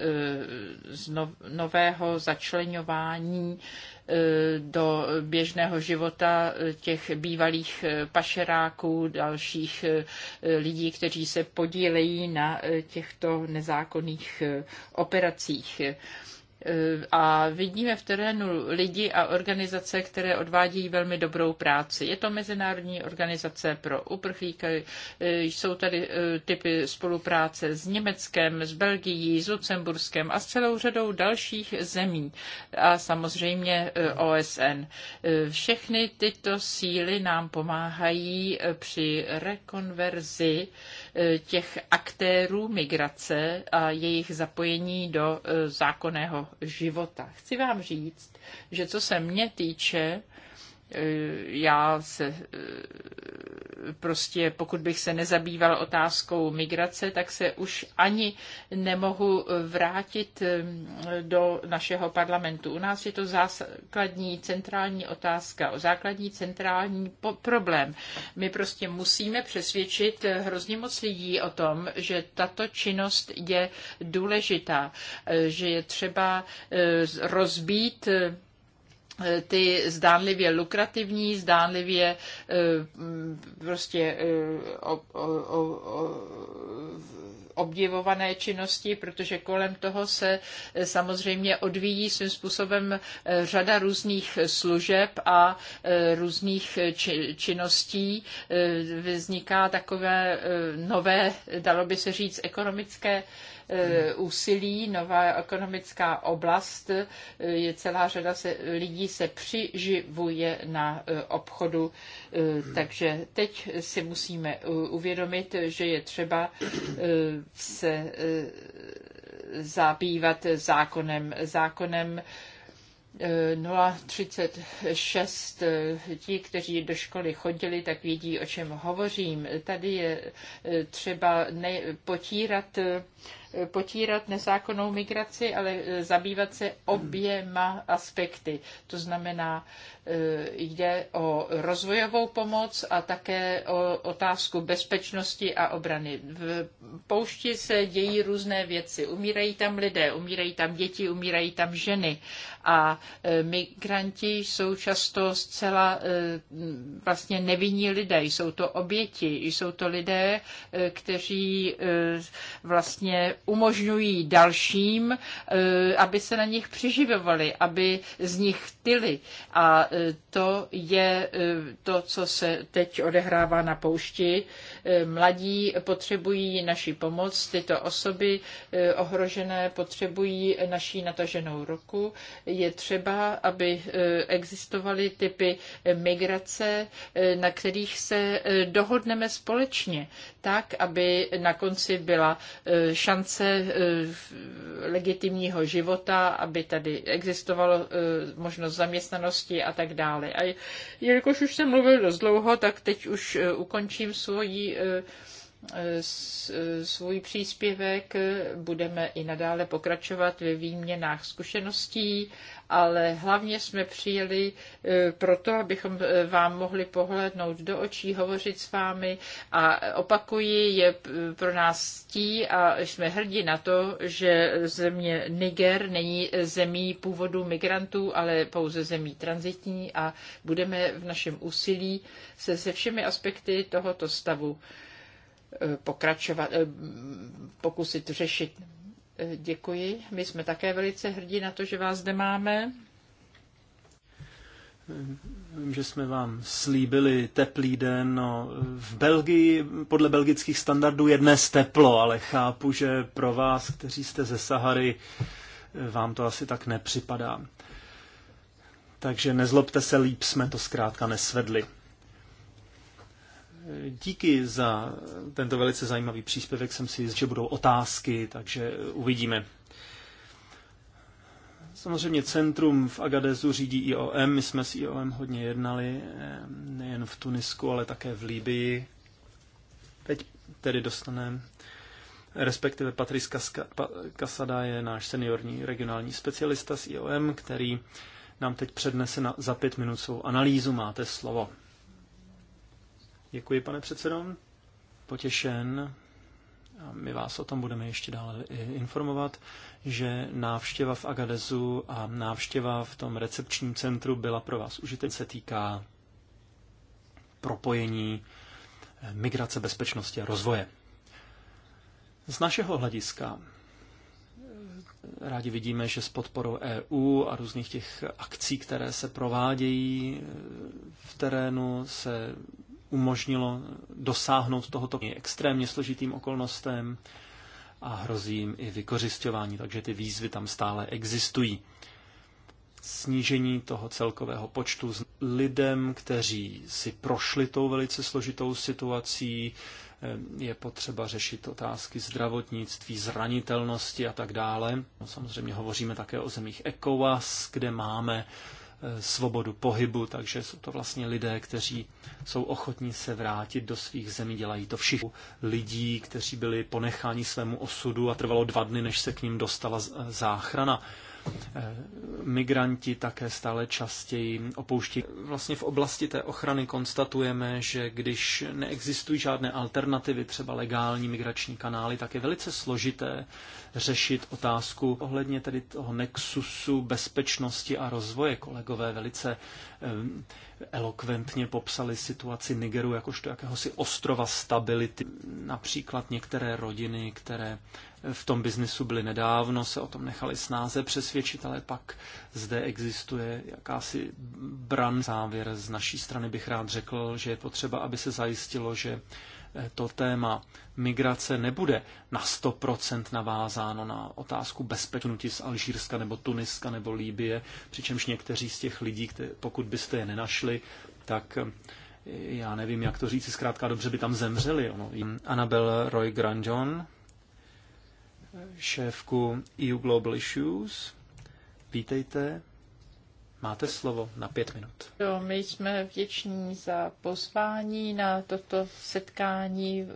z no, nového začlenování eh, do běžného života těch bývalých pašeráků, dalších lidí, kteří se podílejí na těchto nezákonných operacích. Eh, a vidíme v terénu lidi a organizace, které odvádějí velmi dobrou práci. Je to Mezinárodní organizace pro uprchlíky, eh, jsou tady eh, typy spolupráce s Německem, s Belgií, s Lucemburskem a s celou řadou dalších zemí a samozřejmě OSN. Všechny tyto síly nám pomáhají při rekonverzi E, těch aktérů migrace a jejich zapojení do e, zákonného života. Chci vám říct, že co se mě týče, Eh, já se eh, prostě, pokud bych se nezabýval otázkou migrace, tak se už ani nemohu vrátit eh, do našeho parlamentu. U nás je to základní centrální otázka, o základní centrální problém. My prostě musíme přesvědčit hrozně moc lidí o tom, že tato činnost je důležitá, že je třeba rozbít ty zdánlivě lukrativní, zdánlivě eh, prostě eh, obdivované činnosti, protože kolem toho se eh, samozřejmě odvíjí svým způsobem řada různých služeb a různých činností. Vzniká takové nové, dalo by se říct, ekonomické Eh, úsilí, nová ekonomická oblast, eh, je celá řada se, lidí se přiživuje na eh, obchodu, takže teď si musíme uvědomit, že je třeba se zabývat zákonem, zákonem 036. Ti, kteří do školy chodili, tak vědí, o čem hovořím. Tady je třeba ne, potírat Eh, potírat nezákonnou migraci, ale eh, zabývat se oběma aspekty. To znamená E, jde o rozvojovou pomoc a také o otázku bezpečnosti a obrany. V poušti se dějí různé věci. Umírají tam lidé, umírají tam děti, umírají tam ženy a e, migranti jsou často zcela e, vlastně nevinní lidé. Jsou to oběti, jsou to lidé, kteří vlastně umožňují dalším, aby se na nich přiživovali, aby z nich tyli. A to je e, to, co se teď odehrává na poušti. E, mladí potřebují naši pomoc, tyto osoby e, ohrožené potřebují naší nataženou ruku. Je třeba, aby existovaly typy migrace, na kterých se dohodneme společně, tak, aby na konci byla šance legitimního života, aby tady existovalo možnost zaměstnanosti a tak tak dále. A jelikož už jsem mluvil dost dlouho, tak teď už e, ukončím svoji e, e, svůj příspěvek. Budeme i nadále pokračovat ve výměnách zkušeností ale hlavně jsme přijeli eh, proto, abychom eh, vám mohli pohlednout do očí, hovořit s vámi a opakuji, je eh, pro nás tí a jsme hrdí na to, že země Niger není zemí původu migrantů, ale pouze zemí transitní a budeme v našem úsilí se se všemi aspekty tohoto stavu pokračovat, pokusit řešit. Děkuji. My jsme také velice hrdí na to, že vás zde máme. Vím, že jsme vám slíbili teplý den. No, v Belgii podle belgických standardů je dnes teplo, ale chápu, že pro vás, kteří jste ze Sahary, vám to asi tak nepřipadá. Takže nezlobte se, líp jsme to zkrátka nesvedli. Díky za tento velice zajímavý příspěvek. Jsem si jist, že budou otázky, takže uvidíme. Samozřejmě centrum v Agadezu řídí IOM. My jsme s IOM hodně jednali, eh, nejen v Tunisku, ale také v Líbii. Teď tedy dostaneme respektive Patrice Kasada je náš seniorní regionální specialista s IOM, který nám teď přednese na, za pět minut svou analýzu. Máte slovo. Děkuji, pane předsedo. Potěšen. A my vás o tom budeme ještě dále informovat, že návštěva v Agadezu a návštěva v tom recepčním centru byla pro vás užitečná. Se týká propojení eh, migrace, bezpečnosti a rozvoje. Z našeho hlediska eh, rádi vidíme, že s podporou EU a různých těch akcí, které se provádějí eh, v terénu, se umožnilo dosáhnout tohoto extrémně složitým okolnostem a hrozí jim i vykořišťování, takže ty výzvy tam stále existují. Snížení toho celkového počtu s lidem, kteří si prošli tou velice složitou situací, eh, je potřeba řešit otázky zdravotnictví, zranitelnosti a tak dále. No, samozřejmě hovoříme také o zemích ECOWAS, kde máme svobodu pohybu, takže jsou to vlastně lidé, kteří jsou ochotní se vrátit do svých zemí, dělají to všichni lidí, kteří byli ponecháni svému osudu a trvalo dva dny, než se k ním dostala záchrana. Eh, migranti také stále častěji opouští. Vlastně v oblasti té ochrany konstatujeme, že když neexistují žádné alternativy, třeba legální migrační kanály, tak je velice složité řešit otázku ohledně tedy toho nexusu bezpečnosti a rozvoje. Kolegové velice eh, elokventně popsali situaci Nigeru jakožto jakéhosi ostrova stability. Například některé rodiny, které v tom biznesu byli nedávno, se o tom nechali snáze přesvědčit, ale pak zde existuje jakási bran. Závěr z naší strany bych rád řekl, že je potřeba, aby se zajistilo, že eh, to téma migrace nebude na 100% navázáno na otázku bezpečnosti z Alžírska nebo Tuniska nebo Líbie, přičemž někteří z těch lidí, které, pokud byste je nenašli, tak eh, já nevím, jak to říci, zkrátka dobře by tam zemřeli. Ono. Annabel Roy Grandjon, šéfku EU Global Issues. Vítejte, máte slovo na pět minut. Jo, my jsme vděční za pozvání na toto setkání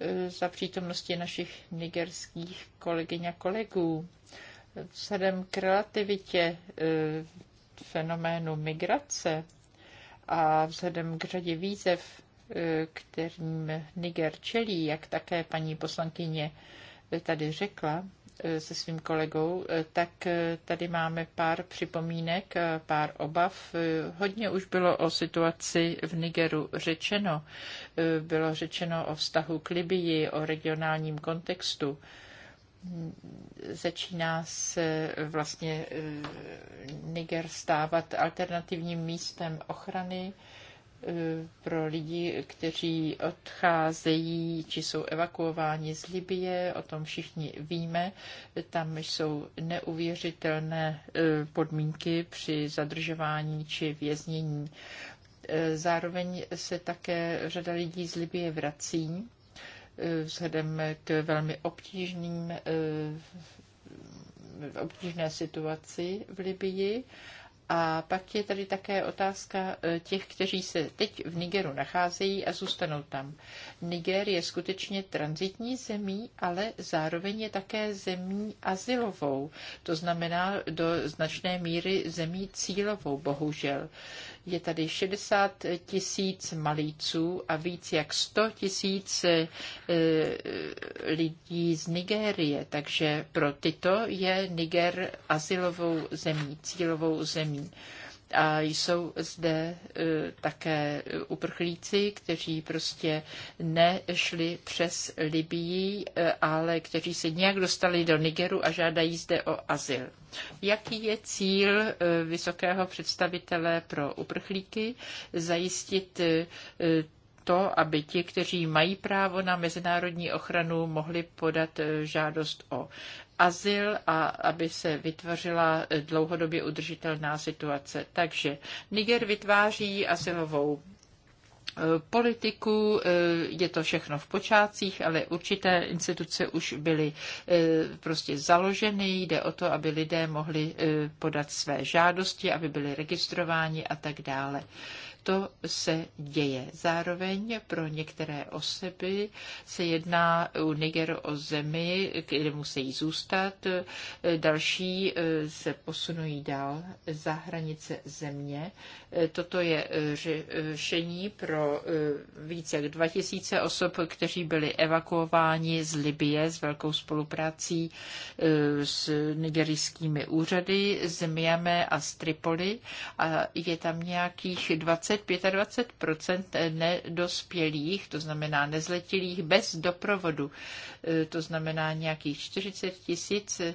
eh, za přítomnosti našich nigerských kolegyň a kolegů. Vzhledem k relativitě eh, fenoménu migrace a vzhledem k řadě výzev, eh, kterým Niger čelí, jak také paní poslankyně tady řekla eh, se svým kolegou, eh, tak eh, tady máme pár připomínek, pár obav. Hodně už bylo o situaci v Nigeru řečeno. Bylo řečeno o vztahu k Libii, o regionálním kontextu začíná se vlastně Niger stávat alternativním místem ochrany Eh, pro lidi, kteří odcházejí či jsou evakuováni z Libie, o tom všichni víme. Tam jsou neuvěřitelné eh, podmínky při zadržování či věznění. Eh, zároveň se také řada lidí z Libie vrací vzhledem k velmi obtížným obtížné situaci v Libii a pak je tady také otázka eh, těch, kteří se teď v Nigeru nacházejí a zůstanou tam. Niger je skutečně transitní zemí, ale zároveň je také zemí azylovou. to znamená do značné míry zemí cílovou, bohužel. Je tady 60 tisíc malíců a víc jak 100 tisíc e, e, lidí z Nigérie, takže pro tyto je Niger asilovou zemí, cílovou zemí. A jsou zde e, také uprchlíci, kteří prostě nešli přes Libii, e, ale kteří se nějak dostali do Nigeru a žádají zde o azyl. Jaký je cíl e, vysokého představitele pro uprchlíky? Zajistit to, aby ti, kteří mají právo na mezinárodní ochranu, mohli podat eh, žádost o azyl a aby se vytvořila eh, dlouhodobě udržitelná situace. Takže Niger vytváří asilovou Eh, politiků. Eh, je to všechno v počátcích, ale určité instituce už byly eh, prostě založeny. Jde o to, aby lidé mohli podat své žádosti, aby byli registrováni a tak dále to se děje. Zároveň pro některé osoby se jedná u Nigeru o zemi, kde musí zůstat, další se posunují dál za hranice země. Toto je řešení pro Eh, více jak 2000 osob, kteří byli evakuováni z Libie s velkou spoluprací eh, s nigerijskými úřady, z Miami a z Tripoli. A je tam nějakých 20-25 nedospělých, to znamená nezletilých, bez doprovodu. E, to znamená nějakých 40 tisíc, e,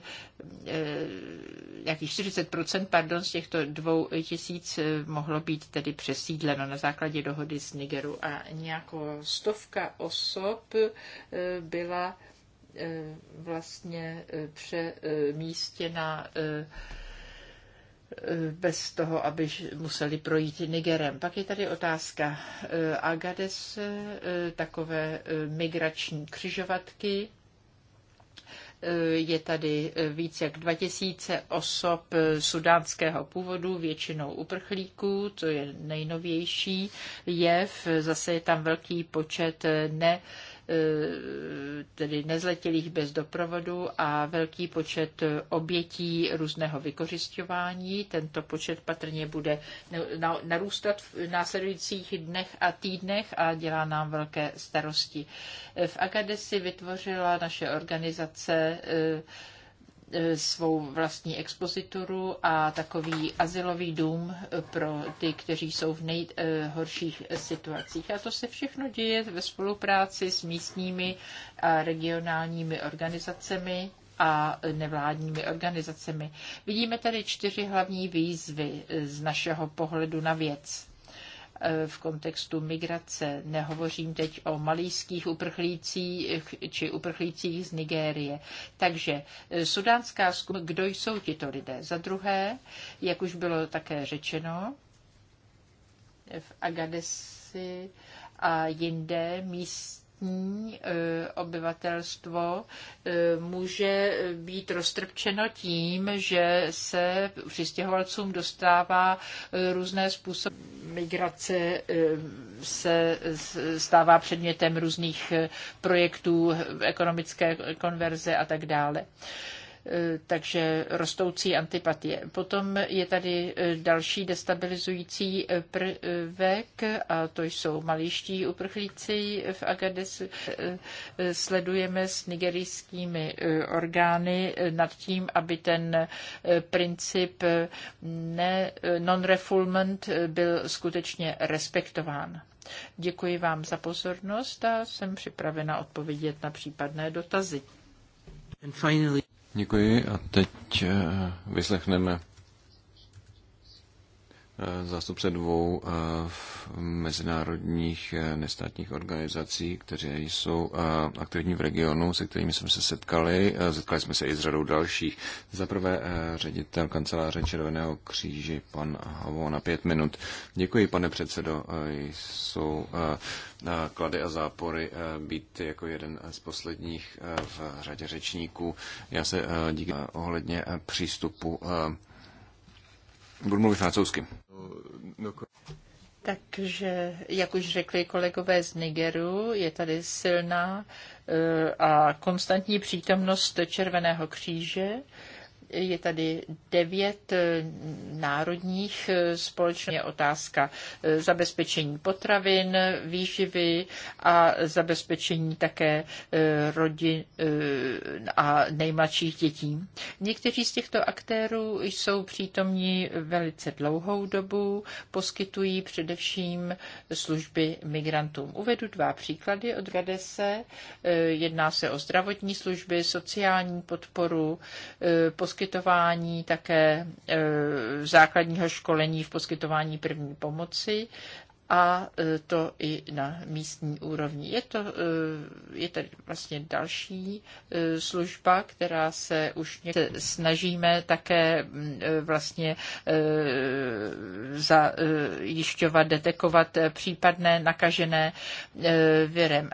nějakých 40 pardon, z těchto dvou tisíc e, mohlo být tedy přesídleno na základě dohody s Nigeru a nějakou stovka osob byla vlastně přemístěna Eh, bez toho, aby museli projít Nigerem. Pak je tady otázka eh, Agades, eh, takové migrační křižovatky. Je tady více jak 2000 osob sudánského původu, většinou uprchlíků, to je nejnovější jev. Zase je tam velký počet ne Eh, tedy nezletilých bez doprovodu a velký počet obětí různého vykořišťování. Tento počet patrně bude narůstat v následujících dnech a týdnech a dělá nám velké starosti. V Agadesi vytvořila naše organizace eh, svou vlastní expozituru a takový asilový dům pro ty, kteří jsou v nejhorších situacích. A to se všechno děje ve spolupráci s místními a regionálními organizacemi a nevládními organizacemi. Vidíme tady čtyři hlavní výzvy z našeho pohledu na věc. Eh, v kontextu migrace. Nehovořím teď o malýských uprchlících či uprchlících z Nigérie. Takže eh, sudánská skupina, kdo jsou tito lidé? Za druhé, jak už bylo také řečeno, v Agadesi a jinde míst místní eh, obyvatelstvo eh, může být roztrpčeno tím, že se přistěhovalcům dostává eh, různé způsoby migrace, se stává předmětem různých projektů ekonomické konverze a tak dále. Eh, takže rostoucí antipatie. Potom je tady eh, další destabilizující eh, prvek a to jsou malíští uprchlíci v Agades. Sledujeme s nigerijskými orgány nad tím, aby ten princip non-refoulement byl skutečně respektován. Děkuji vám za pozornost a jsem připravena odpovědět na případné dotazy. And finally... Děkuji a teď eh, vyslechneme Eh, zástupce dvou eh, mezinárodních eh, nestátních organizací, kteří jsou aktivní v regionu, se kterými jsme se setkali. Setkali jsme se i s řadou dalších. Za prvé ředitel kanceláře Červeného kříži, pan Havo, na pět minut. Děkuji, pane předsedo. Jsou klady a zápory být jako jeden z posledních v řadě řečníků. Já se díky ohledně přístupu Budu mluvit francouzsky. Takže, jak už řekli kolegové z Nigeru, je tady silná eh, a konstantní přítomnost Červeného kříže je tady devět eh, národních eh, společností. Je otázka eh, zabezpečení potravin, výživy a zabezpečení také rodin a nejmladších dětí. Někteří z těchto aktérů jsou přítomní velice dlouhou dobu, poskytují především služby migrantům. Uvedu dva příklady od Gadese. Jedná se o zdravotní služby, sociální podporu, poskytují poskytování také e, základního školení v poskytování první pomoci a e, to i na místní úrovni. Je to e, je tady vlastně další e, služba, která se už někde snažíme také vlastně zajišťovat, detekovat případné nakažené virem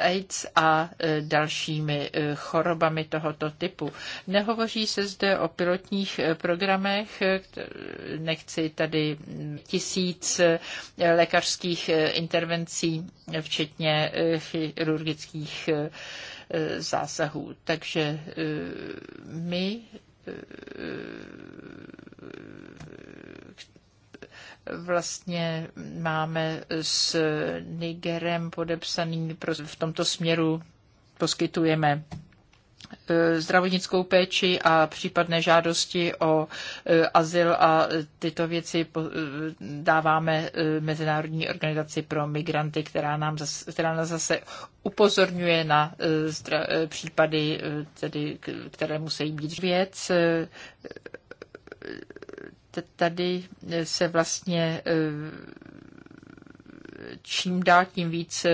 AIDS a dalšími chorobami tohoto typu. Nehovoří se zde o pilotních programech, nechci tady tisíc lékařských eh, intervencí, včetně eh, chirurgických eh, zásahů. Takže my vlastně máme s Nigerem podepsaný, prostě v tomto směru poskytujeme E, zdravotnickou péči a případné žádosti o e, azyl a tyto věci e, dáváme Mezinárodní organizaci pro migranty, která, nám zase, která nás zase upozorňuje na případy, tedy, které musí být věc tady se vlastně čím dál tím víc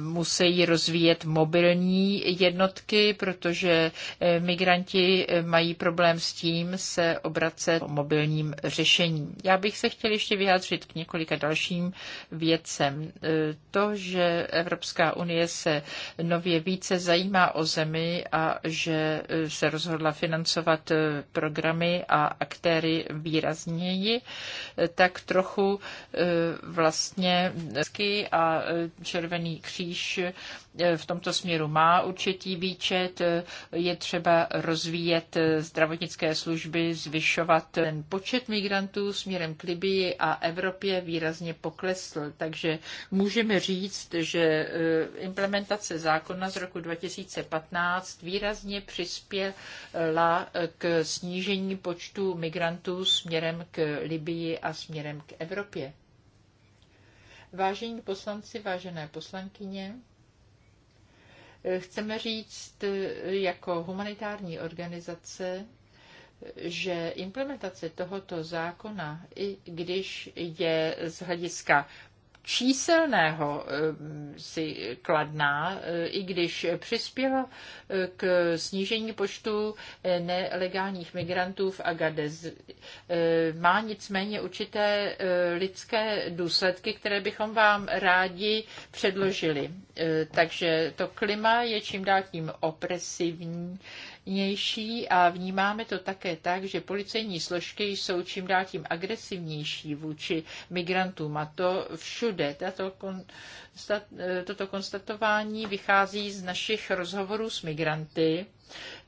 musí rozvíjet mobilní jednotky, protože eh, migranti eh, mají problém s tím se obracet o mobilním řešením. Já bych se chtěl ještě vyjádřit k několika dalším věcem. Eh, to, že Evropská unie se nově více zajímá o zemi a že se rozhodla financovat programy a aktéry výrazněji, tak trochu vlastně a červený Červený kříž eh, v tomto směru má určitý výčet. Eh, je třeba rozvíjet eh, zdravotnické služby, zvyšovat ten počet migrantů směrem k Libii a Evropě výrazně poklesl. Takže můžeme říct, že implementace zákona z roku 2015 výrazně přispěla k snížení počtu migrantů směrem k Libii a směrem k Evropě. Vážení poslanci, vážené poslankyně, chceme říct jako humanitární organizace, že implementace tohoto zákona, i když je z hlediska číselného eh, si kladná, eh, i když přispěla eh, k snížení počtu nelegálních migrantů v Agadez. Má nicméně určité lidské důsledky, které bychom vám rádi předložili. Takže to klima je čím dál tím opresivní vnější a vnímáme to také tak, že policejní složky jsou čím dál tím agresivnější vůči migrantům a to všude. Tato kon, toto konstatování vychází z našich rozhovorů s migranty,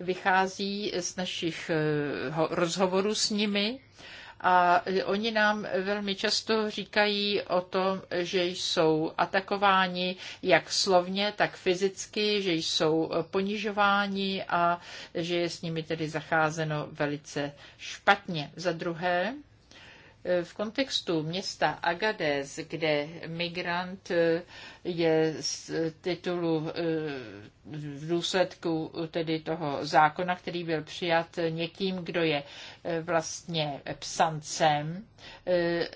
vychází z našich eh, rozhovorů s nimi a oni nám velmi často říkají o tom, že jsou atakováni jak slovně, tak fyzicky, že jsou ponižováni a že je s nimi tedy zacházeno velice špatně. Za druhé, v kontextu města Agadez, kde migrant eh, je z titulu eh, v důsledku tedy toho zákona, který byl přijat někým, kdo je eh, vlastně psancem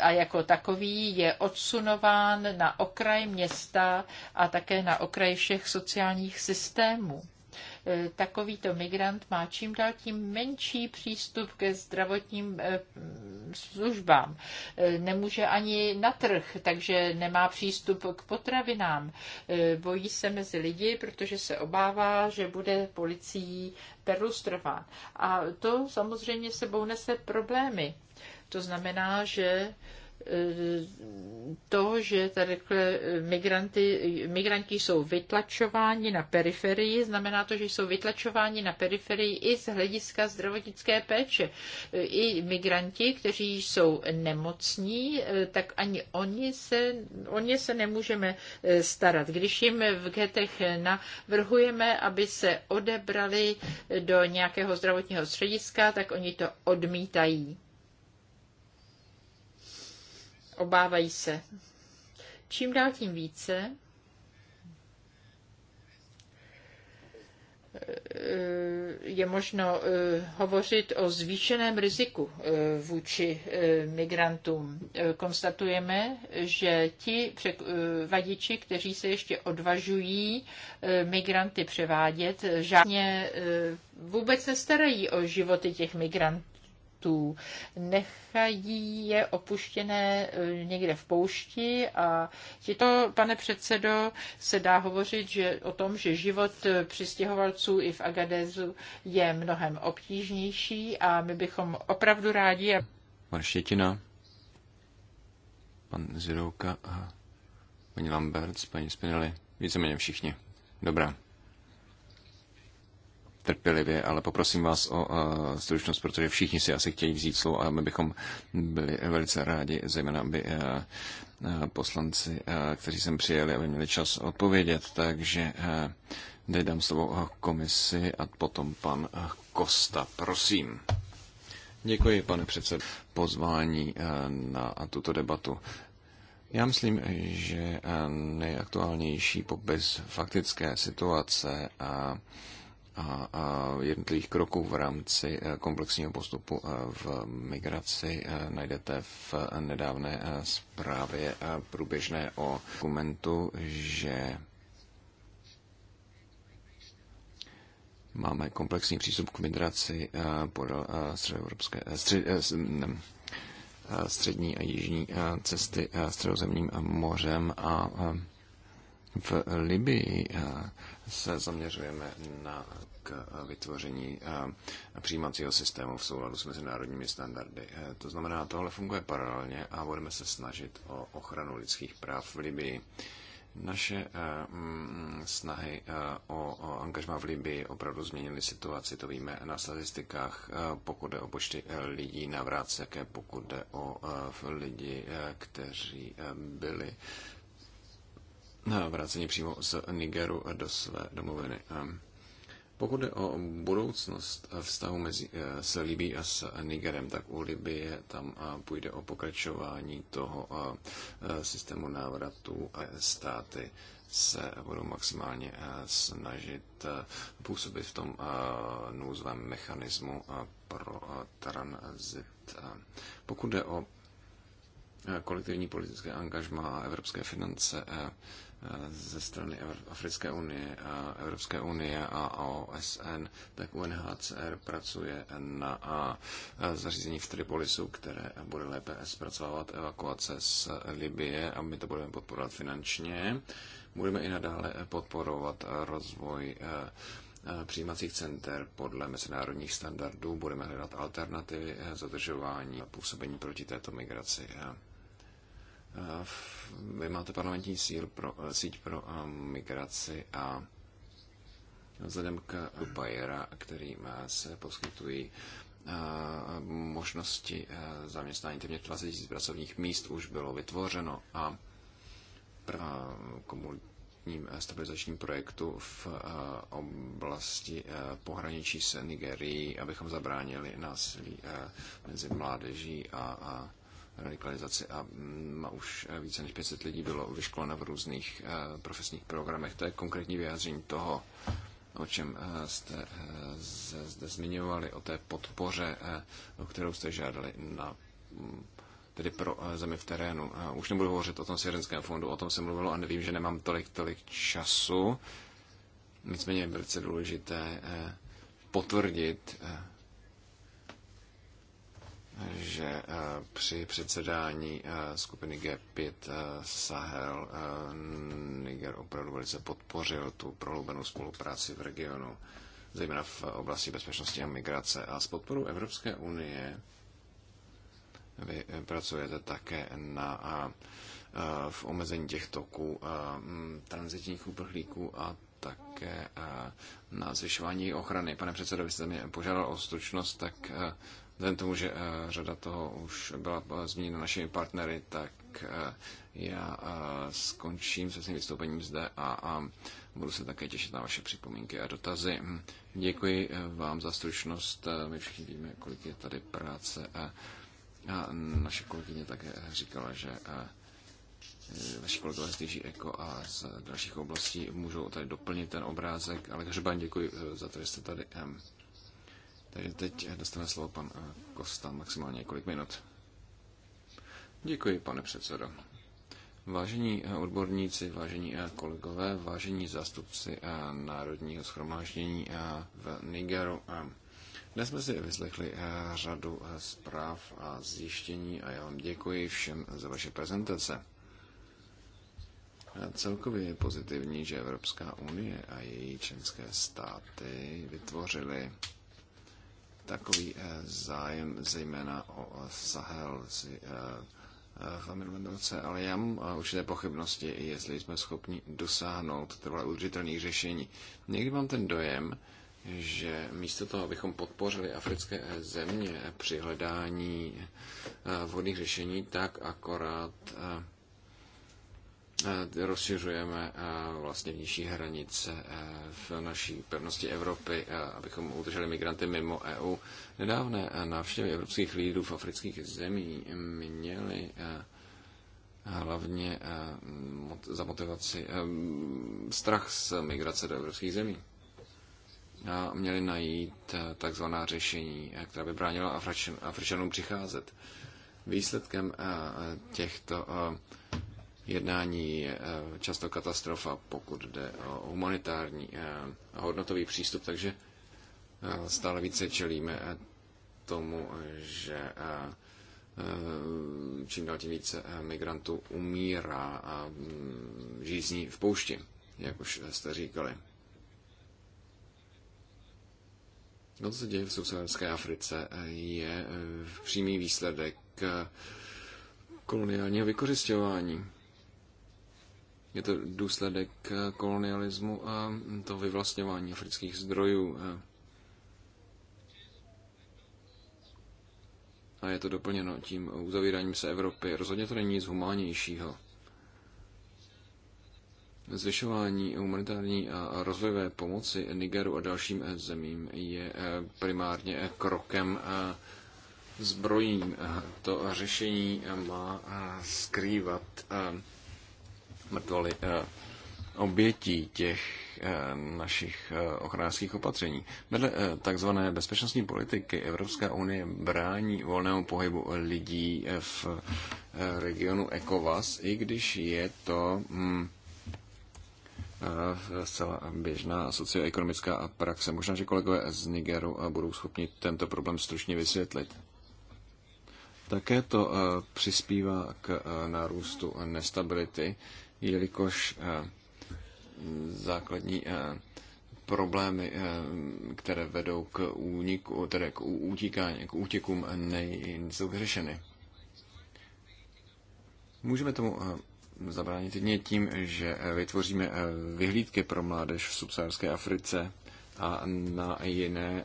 a jako takový je odsunován na okraj města a také na okraj všech sociálních systémů. E, takovýto migrant má čím dál tím menší přístup ke zdravotním e, službám. E, nemůže ani na trh, takže nemá přístup k potravinám. Bojí se mezi lidi, protože se obává, že bude policií perlustrován. A to samozřejmě sebou nese problémy. To znamená, že to, že tady migranty, migranti jsou vytlačováni na periferii, znamená to, že jsou vytlačováni na periferii i z hlediska zdravotnické péče. I migranti, kteří jsou nemocní, tak ani oni se, o ně se nemůžeme eh, starat. Když jim v getech navrhujeme, aby se odebrali do nějakého zdravotního střediska, tak oni to odmítají obávají se. Čím dál tím více eh, je možno eh, hovořit o zvýšeném riziku eh, vůči migrantům. Konstatujeme, že ti vadiči, kteří se ještě odvažují migranty převádět, žádně vůbec nestarají o životy těch migrantů životů. Nechají je opuštěné eh, někde v poušti a to pane předsedo, se dá hovořit že, o tom, že život eh, přistěhovalců i v Agadezu je mnohem obtížnější a my bychom opravdu rádi... A... Pan Štětina, pan Zirouka a paní Lamberts, paní Spinelli, víceméně všichni. Dobrá trpělivě, ale poprosím vás o eh, stručnost, protože všichni si asi chtějí vzít slovo a my bychom byli velice rádi, zejména by eh, eh, poslanci, kteří sem přijeli, aby měli čas odpovědět. Takže dej dám slovo komisi a potom pan Kosta, prosím. Děkuji, pane předsedo, pozvání na tuto debatu. Já myslím, že nejaktuálnější popis faktické situace a a, a jednotlivých kroků v rámci e, komplexního postupu e, v migraci e, najdete v nedávné zprávě průběžné o dokumentu, že máme komplexní přístup k migraci podél středoevropské, střed, střední a jižní cesty středozemním mořem a v Libii se zaměřujeme na k eh, vytvoření eh, přijímacího systému v souladu s mezinárodními standardy. Eh, to znamená, tohle funguje paralelně a budeme se snažit o ochranu lidských práv v Libii. Naše mm, snahy o angažma v Libii opravdu změnily situaci, to víme na statistikách, pokud jde o počty lidí na vráceké, pokud jde o lidi, kteří byli vrácení přímo z Nigeru do své domoviny. Pokud je o budoucnost vztahu mezi eh, s Libí a s Nigerem, tak u Libie tam eh, půjde o pokračování toho eh, systému návratu a státy se budou maximálně snažit působit v tom nouzovém mechanismu pro tranzit. Pokud jde o kolektivní politické angažma a evropské finance, ze strany Africké unie a Evropské unie a OSN, tak UNHCR pracuje na zařízení v Tripolisu, které bude lépe zpracovávat evakuace z Libie a my to budeme podporovat finančně. Budeme i nadále podporovat rozvoj e, e, přijímacích center podle mezinárodních standardů. Budeme hledat alternativy e, zadržování a působení proti této migraci vy máte parlamentní síl pro, síť pro eh, migraci a vzhledem k Bayera, kterým eh, se poskytují eh, možnosti zaměstnání téměř 20 000 pracovních míst už bylo vytvořeno a komunitním stabilizačním projektu v oblasti pohraničí se Nigerií, abychom zabránili násilí mezi mládeží a radikalizaci a má mm, už eh, více než 500 lidí bylo vyškoleno v různých eh, profesních programech. To je konkrétní vyjádření toho, o čem eh, jste zde zmiňovali, o té podpoře, o kterou jste žádali na mm, tedy pro zemi v terénu. Už nebudu hovořit o tom svěřenském fondu, o tom se mluvilo a nevím, že nemám tolik, tolik času. Nicméně je velice důležité potvrdit že eh, při předsedání eh, skupiny G5 eh, Sahel Niger opravdu velice podpořil tu prohloubenou spolupráci v regionu, zejména v oblasti bezpečnosti a migrace. A s podporou Evropské unie vy pracujete také na a, a, v omezení těch toků a, transitních uprchlíků a také a, na zvyšování ochrany. Pane předsedo, vy jste mě požádal o stručnost, tak a, Vzhledem tomu, že eh, řada toho už byla eh, zmíněna našimi partnery, tak eh, já skončím se svým vystoupením zde a, a budu se také těšit na vaše připomínky a dotazy. Hm, děkuji vám za stručnost. My všichni víme, kolik je tady práce a, naše kolegyně také říkala, že a, naši kolegové z DG Eko a z dalších oblastí můžou tady doplnit ten obrázek. Ale Hřban, děkuji za to, že jste tady. Ehm. Takže teď dostane slovo pan eh, Kosta maximálně několik minut. Děkuji, pane předsedo. Vážení eh, odborníci, vážení eh, kolegové, vážení zástupci Národního schromáždění v Nigeru, dnes jsme si vyslechli řadu zpráv a zjištění a já vám děkuji všem za vaše prezentace. Celkově je pozitivní, že Evropská unie a její členské státy vytvořily takový eh, zájem, zejména o Sahel si eh, eh, v minulém roce, ale já mám určité pochybnosti, jestli jsme schopni dosáhnout trvalé udržitelných řešení. Někdy mám ten dojem, že místo toho, abychom podpořili africké země při hledání vhodných řešení, tak akorát Eh, rozšiřujeme eh, vlastně vnější hranice eh, v naší pevnosti Evropy, abychom udrželi migranty mimo EU. Nedávné návštěvy evropských lídrů v afrických zemí měly hlavně za motivaci strach z migrace do evropských zemí. A měli najít takzvaná řešení, která by bránila Afričanům přicházet. Výsledkem těchto jednání je eh, často katastrofa, pokud jde o humanitární eh, hodnotový přístup, takže eh, stále více čelíme tomu, že čím dál tím více migrantů umírá a mm, žízní v poušti, jak už jste říkali. No, co se děje v subsaharské Africe, je přímý výsledek koloniálního vykořišťování. Je to důsledek eh, kolonialismu a to vyvlastňování afrických zdrojů. Eh. A je to doplněno tím uzavíráním se Evropy. Rozhodně to není nic humánějšího. Zvyšování humanitární a rozvojové pomoci Nigeru a dalším eh, zemím je primárně krokem zbrojím. To řešení má skrývat mrtvoly eh, obětí těch eh, našich eh, ochranářských opatření. Vedle takzvané bezpečnostní politiky Evropská unie brání volnému pohybu lidí v regionu ECOWAS, i když je to hm, zcela běžná socioekonomická praxe. Možná, že kolegové z Nigeru budou schopni tento problém stručně vysvětlit. Také to přispívá k nárůstu nestability, jelikož eh, základní eh, problémy, eh, které vedou k úniku, tedy k útíkání, k útěkům, nejsou vyřešeny. Můžeme tomu zabránit jedině tím, že vytvoříme vyhlídky pro mládež v subsaharské Africe a na jiné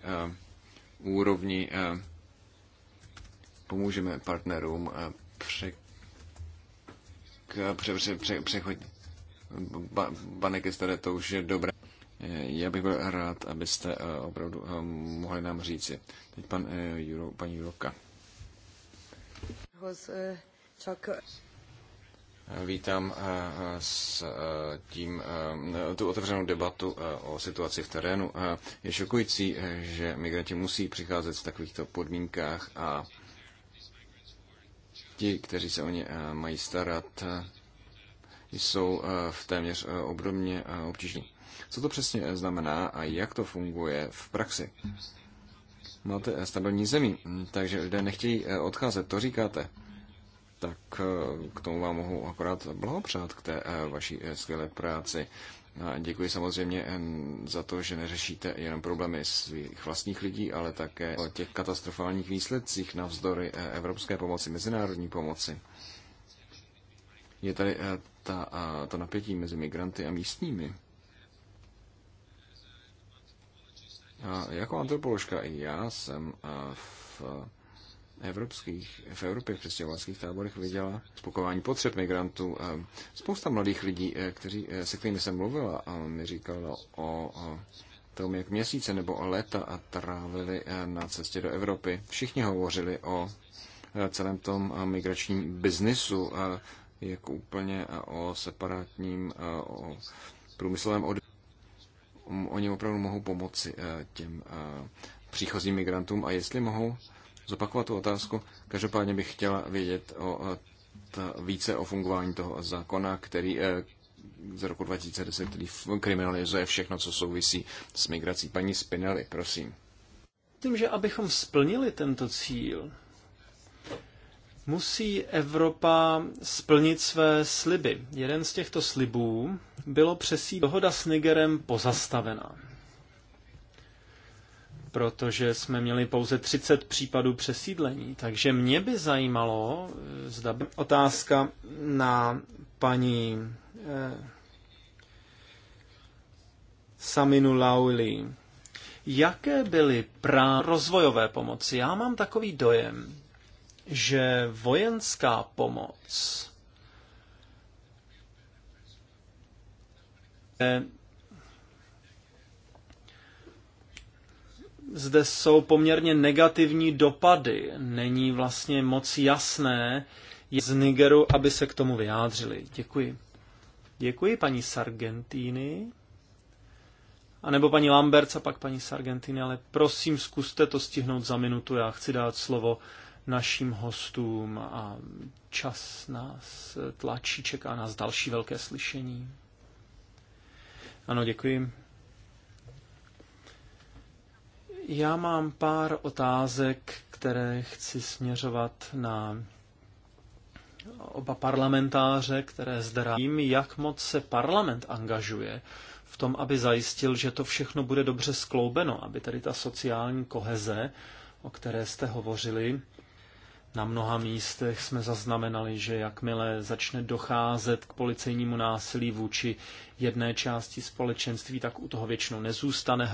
úrovni pomůžeme partnerům překvapit pře, pře, pře, přechod. Ba, pane Kestere, to už je dobré. Já bych byl rád, abyste eh, opravdu eh, mohli nám říci. Teď pan, eh, Juro, paní Juroka. Vítám s tím tu otevřenou debatu o situaci v terénu. Je šokující, že migranti musí přicházet v takovýchto podmínkách a ti, kteří se o ně eh, mají starat, eh, jsou eh, v téměř obdobně obtížní. Co to přesně znamená a jak to funguje v praxi? Máte stabilní zemí, takže lidé nechtějí odcházet, to říkáte. Tak k tomu vám mohu akorát blahopřát k té vaší skvělé práci. A děkuji samozřejmě eh, za to, že neřešíte jenom problémy svých vlastních lidí, ale také o těch katastrofálních výsledcích navzdory eh, evropské pomoci, mezinárodní pomoci. Je tady eh, ta, to napětí mezi migranty a místními. A jako antropoložka i já jsem v evropských, v Evropě v přestěhovalských táborech viděla spokování potřeb migrantů. Spousta mladých lidí, eh, kteří, eh, se kterými jsem mluvila, mi říkalo o tom, jak měsíce nebo léta a trávili eh, na cestě do Evropy. Všichni hovořili o celém tom migračním biznisu, jak úplně o separátním o průmyslovém od... Oni opravdu mohou pomoci těm příchozím migrantům a jestli mohou zopakovat tu otázku. Každopádně bych chtěla vědět o, ta, více o fungování toho zákona, který e, z roku 2010, který kriminalizuje všechno, co souvisí s migrací. Paní Spinelli, prosím. Tím, že abychom splnili tento cíl, musí Evropa splnit své sliby. Jeden z těchto slibů bylo přesí dohoda s Nigerem pozastavená protože jsme měli pouze 30 případů přesídlení. Takže mě by zajímalo, zda by otázka na paní eh, Saminu Lauli. Jaké byly prá rozvojové pomoci? Já mám takový dojem, že vojenská pomoc eh, zde jsou poměrně negativní dopady. Není vlastně moc jasné z Nigeru, aby se k tomu vyjádřili. Děkuji. Děkuji paní Sargentini. A nebo paní Lambert a pak paní Sargentini, ale prosím, zkuste to stihnout za minutu. Já chci dát slovo našim hostům a čas nás tlačí, čeká nás další velké slyšení. Ano, děkuji. Já mám pár otázek, které chci směřovat na oba parlamentáře, které zdravím, jak moc se parlament angažuje v tom, aby zajistil, že to všechno bude dobře skloubeno, aby tady ta sociální koheze, o které jste hovořili, na mnoha místech jsme zaznamenali, že jakmile začne docházet k policejnímu násilí vůči jedné části společenství, tak u toho většinou nezůstane